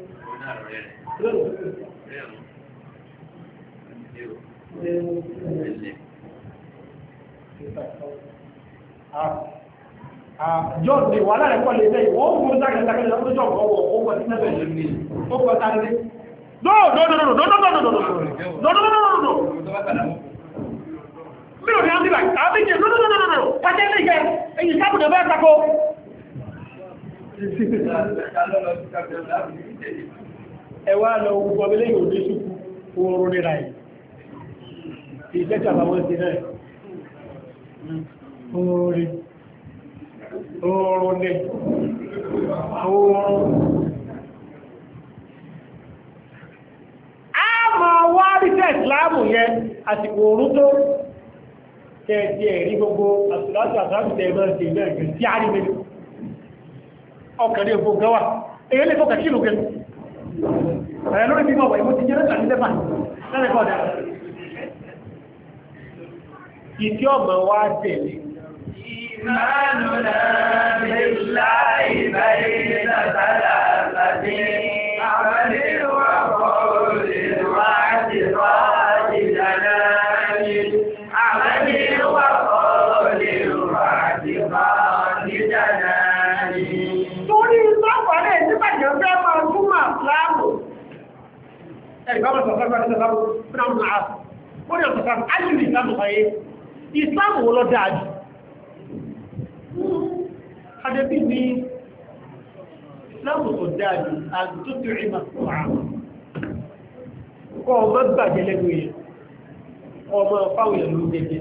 John ni wà láàrin pọ̀ lè jẹ́ ìwọ̀n mú dákẹ̀lẹ́kẹ́ lọ́jọ́ ọ̀pọ̀ ọwọ́ tí mẹ́bẹ̀ lè ní ọkọ̀ tàbí. No, no, no, no, no, no, no, no, no, no, no, no, no, no, no, Mi ò ní àmì báyìí, àmì jẹ́ no, no, no, no, no, pàtẹ́ ní ìjẹ́, èyí sábùdẹ̀ bẹ́ẹ̀ tako ẹwà lọ gbogbo abẹ́lẹ́ yóò dé ṣùkú oorun nira ẹ̀ iṣẹ́ tí àbáwọ́ ti rẹ̀ oorun oorun ní oorun a máa wá ríṣẹ́ ìsìláàmù yẹn àsìkò oorun tó kẹ́ẹ̀sì ẹ̀rí gbogbo àtìláṣà àtàbìtẹ̀ ẹ̀mọ́ ti ilẹ̀ ìgbẹ̀ tí a rí mẹ́lú ọkàrí ògbógbọ́wà èyí lè fọ́kà kí lù gẹ́lú ẹ̀ lórí bí bọ̀wọ̀ ìmú ti jẹ́ lẹ́tà nílẹ̀ máa lẹ́rẹ̀ kọ́ dẹ̀ wá sàlámù fúnà ọ̀nà àṣà ó ní ọ̀sán sàlámù ayé ní ìsìlámù kan yé ìsìlámù wo lọ dáa jù adébí ní ìsìlámù tó dáa jù àtúntò ìmọ̀ tó àmà kọ́ ọmọ gbàjẹ́ lẹ́nu yẹn ọmọ fáwọn ló jẹ́ jẹ́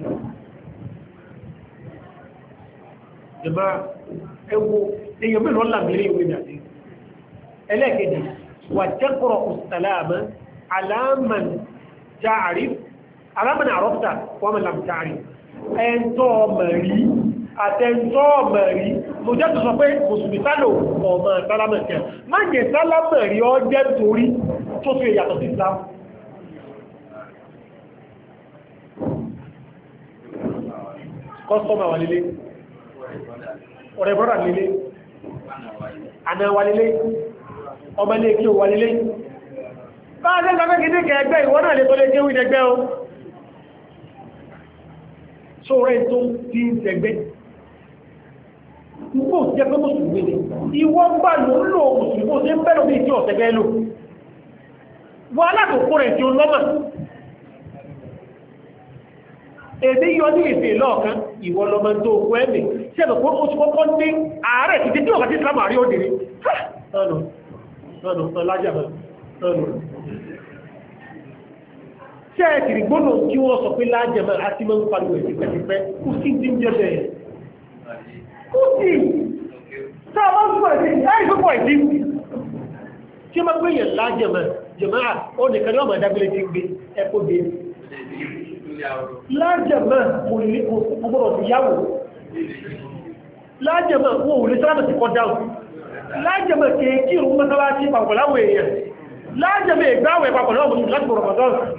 ẹwọ èèyàn mélòó làmìlẹ́ ìwé dàdé ẹlẹ́ẹ̀kejì wà jẹ́kọ̀rọ̀ ọ̀sàlámà alaman ta'arif alaman arọ́pta wọ́n lam ta'arif ẹntọ́ mẹ̀rí àtẹntọ́ mẹ̀rí mo jẹ́ tó sọ pé mùsùlùmí sálò ọmọ sálámẹ̀kẹ́ má jẹ sálámẹ̀rí ọ jẹ́ torí tó fi yàtọ̀ sí islam kọ́sọ́mà wà lílé ọ̀rẹ́ brọ́dà lílé kí wà lílé bá a lẹ́gbẹ́ gidi kẹgbẹ́ ìwọ náà lè tó lè jẹ́ ìdẹgbẹ́ o tó rẹ̀ tó ti ń tẹgbẹ́ ìwọ jẹ́ pé mùsùlùmí ni ìwọ ń bá lò ń lò mùsùlùmí ó ti ń bẹ́rù bí ìjọ ọ̀tẹ̀gbẹ́ lò wọ́n alákòókò rẹ̀ tí ó lọ́mà èdè yọ ní èdè lọ́ọ̀kan ìwọ lọ́mọ tó kú ẹ̀mí tí ẹ̀mọ̀ kó oṣù kọ́kọ́ ní ààrẹ ti dé tí ọ̀gá tí ìsìlámù àrí òdìrí ṣé ẹ kìrì gbọ́dọ̀ kí wọ́n sọ pé lájẹmọ́ àti máa ń pariwo ẹ̀ tipẹ́tipẹ́ kó sí ti ń jẹ́ bẹ́ẹ̀. kó sì tá a bá ń sọ̀rọ̀ sí láì tó pọ̀ ìdí. tí ó máa gbé yẹn lájẹmọ́ jẹ̀mọ́ à ó nìkan ní ọmọ ìdágbélé ti gbé ẹ kó dé. lájẹmọ́ kò lè kó gbọ́dọ̀ sí yàwó. lájẹmọ́ kó òwúlé sábà ti kọ́ dáhùn. lájẹmọ́ kéèkì òun mọ́sálásí pàpọ̀ láwọn èèyàn lájẹmọ́ ìgbáwẹ̀ pàpọ̀ láwọn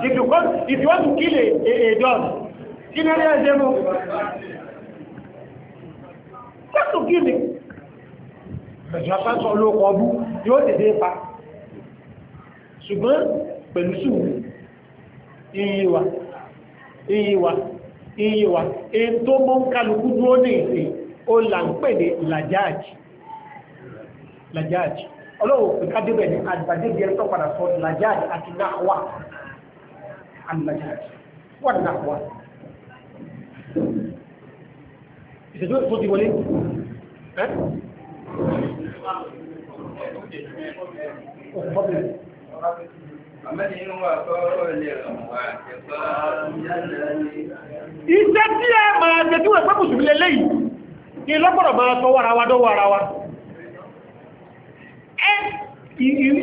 If you, want, if you want to kill a, dog, in a real just to kill him. Ẹ̀sùn apáṣọ olóòkọ̀ ọdún yóò tètè pa. Ṣùgbọ́n pẹ̀lú sùúrù, iye wà, iye wà, iye wà, èyí tó mọ́ ń kálukú dúró ní ìsìn, ó là ń pè ní làjáàjì. Làjáàjì. Ọlọ́run ìkádébẹ̀ ní àgbàdébẹ̀ tó padà sọ làjáàjì àti náà wà. المجاز والنحو ìṣẹ́jú tó ti wọlé Iṣẹ́ tí ẹ máa jẹjú ẹ̀pẹ́ Mùsùlùmí lélẹ́ yìí, ni lọ́pọ̀rọ̀ máa sọ wàrà wa dọ́wọ́ ara wa. Ẹ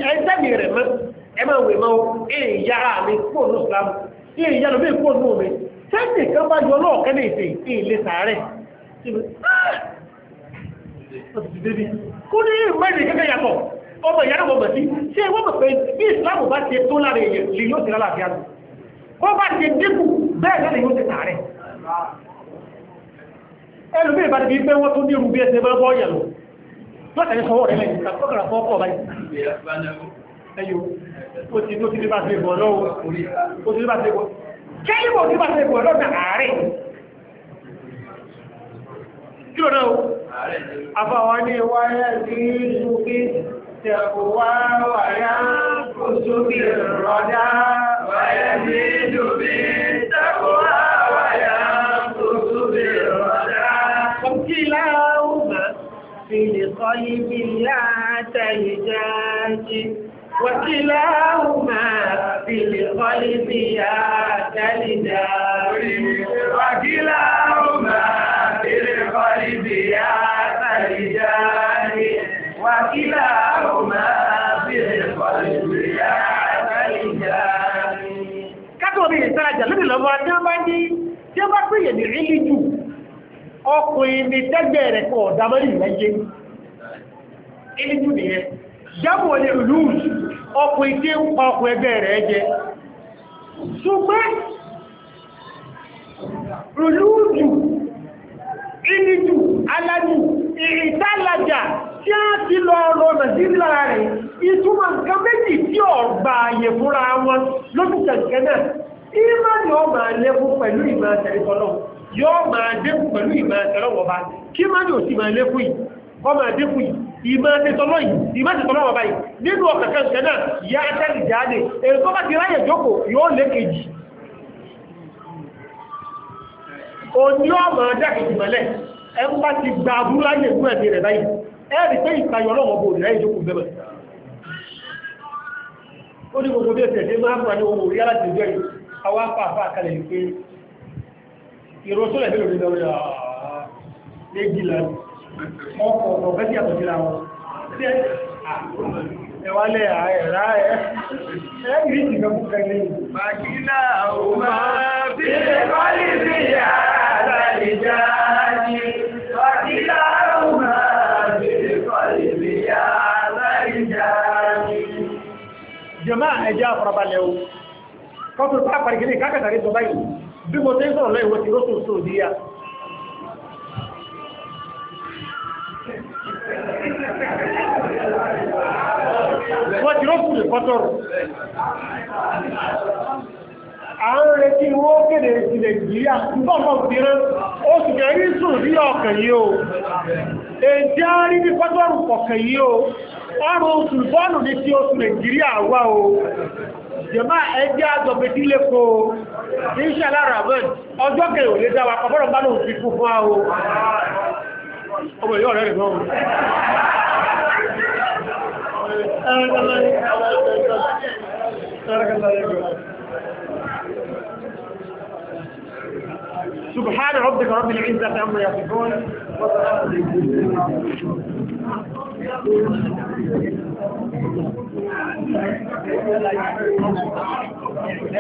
ìṣẹ́mì rẹ̀ mẹ́, ẹ máa wè máa èyí yára mi kúrò ní ìsìlámù èyí yára mi kúrò ní omi sẹ́ẹ̀tì kan bá yọ lọ́ọ̀kẹ́ ní ìsìn ìlé sàárẹ̀ ah! kó ní mẹ́rin kẹ́kẹ́ yàtọ̀ ọmọ ìyára wọn bẹ̀ sí ṣé wọ́n mọ̀ pé bí ìsìlámù bá ti tó lára èèyàn lè yóò ti rálá àfíà lù kó bá ti dínkù bẹ́ẹ̀ náà lè yóò ti sàárẹ̀ ẹlùmí ìbàdàn bíi pé wọ́n tún ní irú bí ẹsẹ̀ bọ́ bọ́ yẹ̀ lọ lọ́tẹ̀ẹ́ sọ́wọ́ rẹ̀ lẹ́yìn ẹyọ ó ti ló ti lé bá ṣe bọ̀ lọ́wọ́ orí ó ti lé bá ṣe bọ̀ ṣé ìwọ̀ ti bá ṣe bọ̀ lọ́nà ààrẹ kí ló náà àfàwọn ní wáyé sí ìlúkí tẹ̀kùwá kọ́ ibi láàtàyè jáde. وكلاهما في القلب يا جلدا وكلاهما في القلب يا جلدا وكلاهما في القلب يا جلدا kákòrí ìsájà lórí lọ́wọ́ tí wọ́n bá ní tí wọ́n bá pèyè ní rílí jù ọkùnrin ní tẹ́gbẹ̀ẹ́ rẹ̀ kọ̀ ọ̀dámọ́rì lẹ́yẹ ìlú jù nìyẹn jábò lè lùs ọkùn ìdí ọkùn ẹgbẹ́ rẹ̀ jẹ ṣùgbọ́n rùlùjù ìlìjù alájù ìrìtàlájà tí a ti lọ ọ̀rọ̀ nàìjíríà rẹ̀ ìtumọ̀ nǹkan méjì tí ọ̀gbà àyè fúnra wọn lókùtẹ̀ nǹkan náà ìmọ̀ni ọ máa lékún pẹ̀lú ìmọ̀ àtẹ̀lẹ́tọ́lọ́ yóò máa dékún pẹ̀lú ìmọ̀ àtẹ̀lọ́wọ̀ bá kí mọ́ni ò sì máa lékún yìí ọ máa dékún yìí ìmọ̀ tẹ́tọ́lọ́ yìí ìmọ̀ tẹ́tọ́lọ́ wà báyìí nínú ọ̀kẹ̀kẹ́ ìṣẹ́ náà yá ẹ́tẹ́lì jáde èyí tó bá ti ráyẹ̀ jókò yóò lé kejì òní ọmọ dákejì mọ́lẹ̀ ẹ ń bá ti gba abúlá yẹ̀ fún ẹ̀mí rẹ̀ báyìí ẹ rí pé ìtayọ̀ ọlọ́wọ́ bò ráyẹ̀ jókò bẹ́ẹ̀ ó ní gbogbo bí ẹsẹ̀ dé máa fún wa ní owó orí aláti ìjọ yìí àwọn afọ àfọ àkàlẹ̀ yìí pé ìrọ̀sọ́lẹ̀ mélòó ní lọ́wọ́ yà á méjìlá ọkọ̀ ọ̀rọ̀ bẹ́ẹ̀ tí àtọ̀jú ra wọn ṣe ẹwàlẹ̀ ẹ̀rá ẹ̀rí ìgbẹ̀mùkẹ́ ní màkínà ò máa bí ẹ̀kọ́lì sí ààrẹ ìjà ní màkínà ò máa bí ẹ̀kọ́lì sí ààrẹ ìjà ní jẹmá ẹjá farabalẹ̀ o kọ́tù sáà pàrìkì ní kákàtàrí tó báyìí bí mo tẹ́ sọ̀rọ̀ lẹ́yìn wọ́n ti rọ́sùn sóòdíyà wọ́n ti rọ́pù lè kọ́tọ̀rọ̀ a ń retí wọ́n kéde sí nàìjíríà gbọ́mọ̀ ìran oṣù kẹrin sùn rí ọkàn yìí o èdè a rí ní kọ́tọ̀rù kọ̀kàn yìí o ọrùn oṣù bọ́ọ̀lù ní tí oṣù nàìjíríà wà o jẹ̀má ẹgbẹ́ àgbọ̀gbẹ̀ tí lè kó ní ìṣàlára ọjọ́ kẹrin ò lè dáwà kọ́bọ̀rọ̀ bá lóun fi kú fún a o ọmọ yóò rẹ̀ rẹ̀ سبحان ربك رب العزة عما يصفون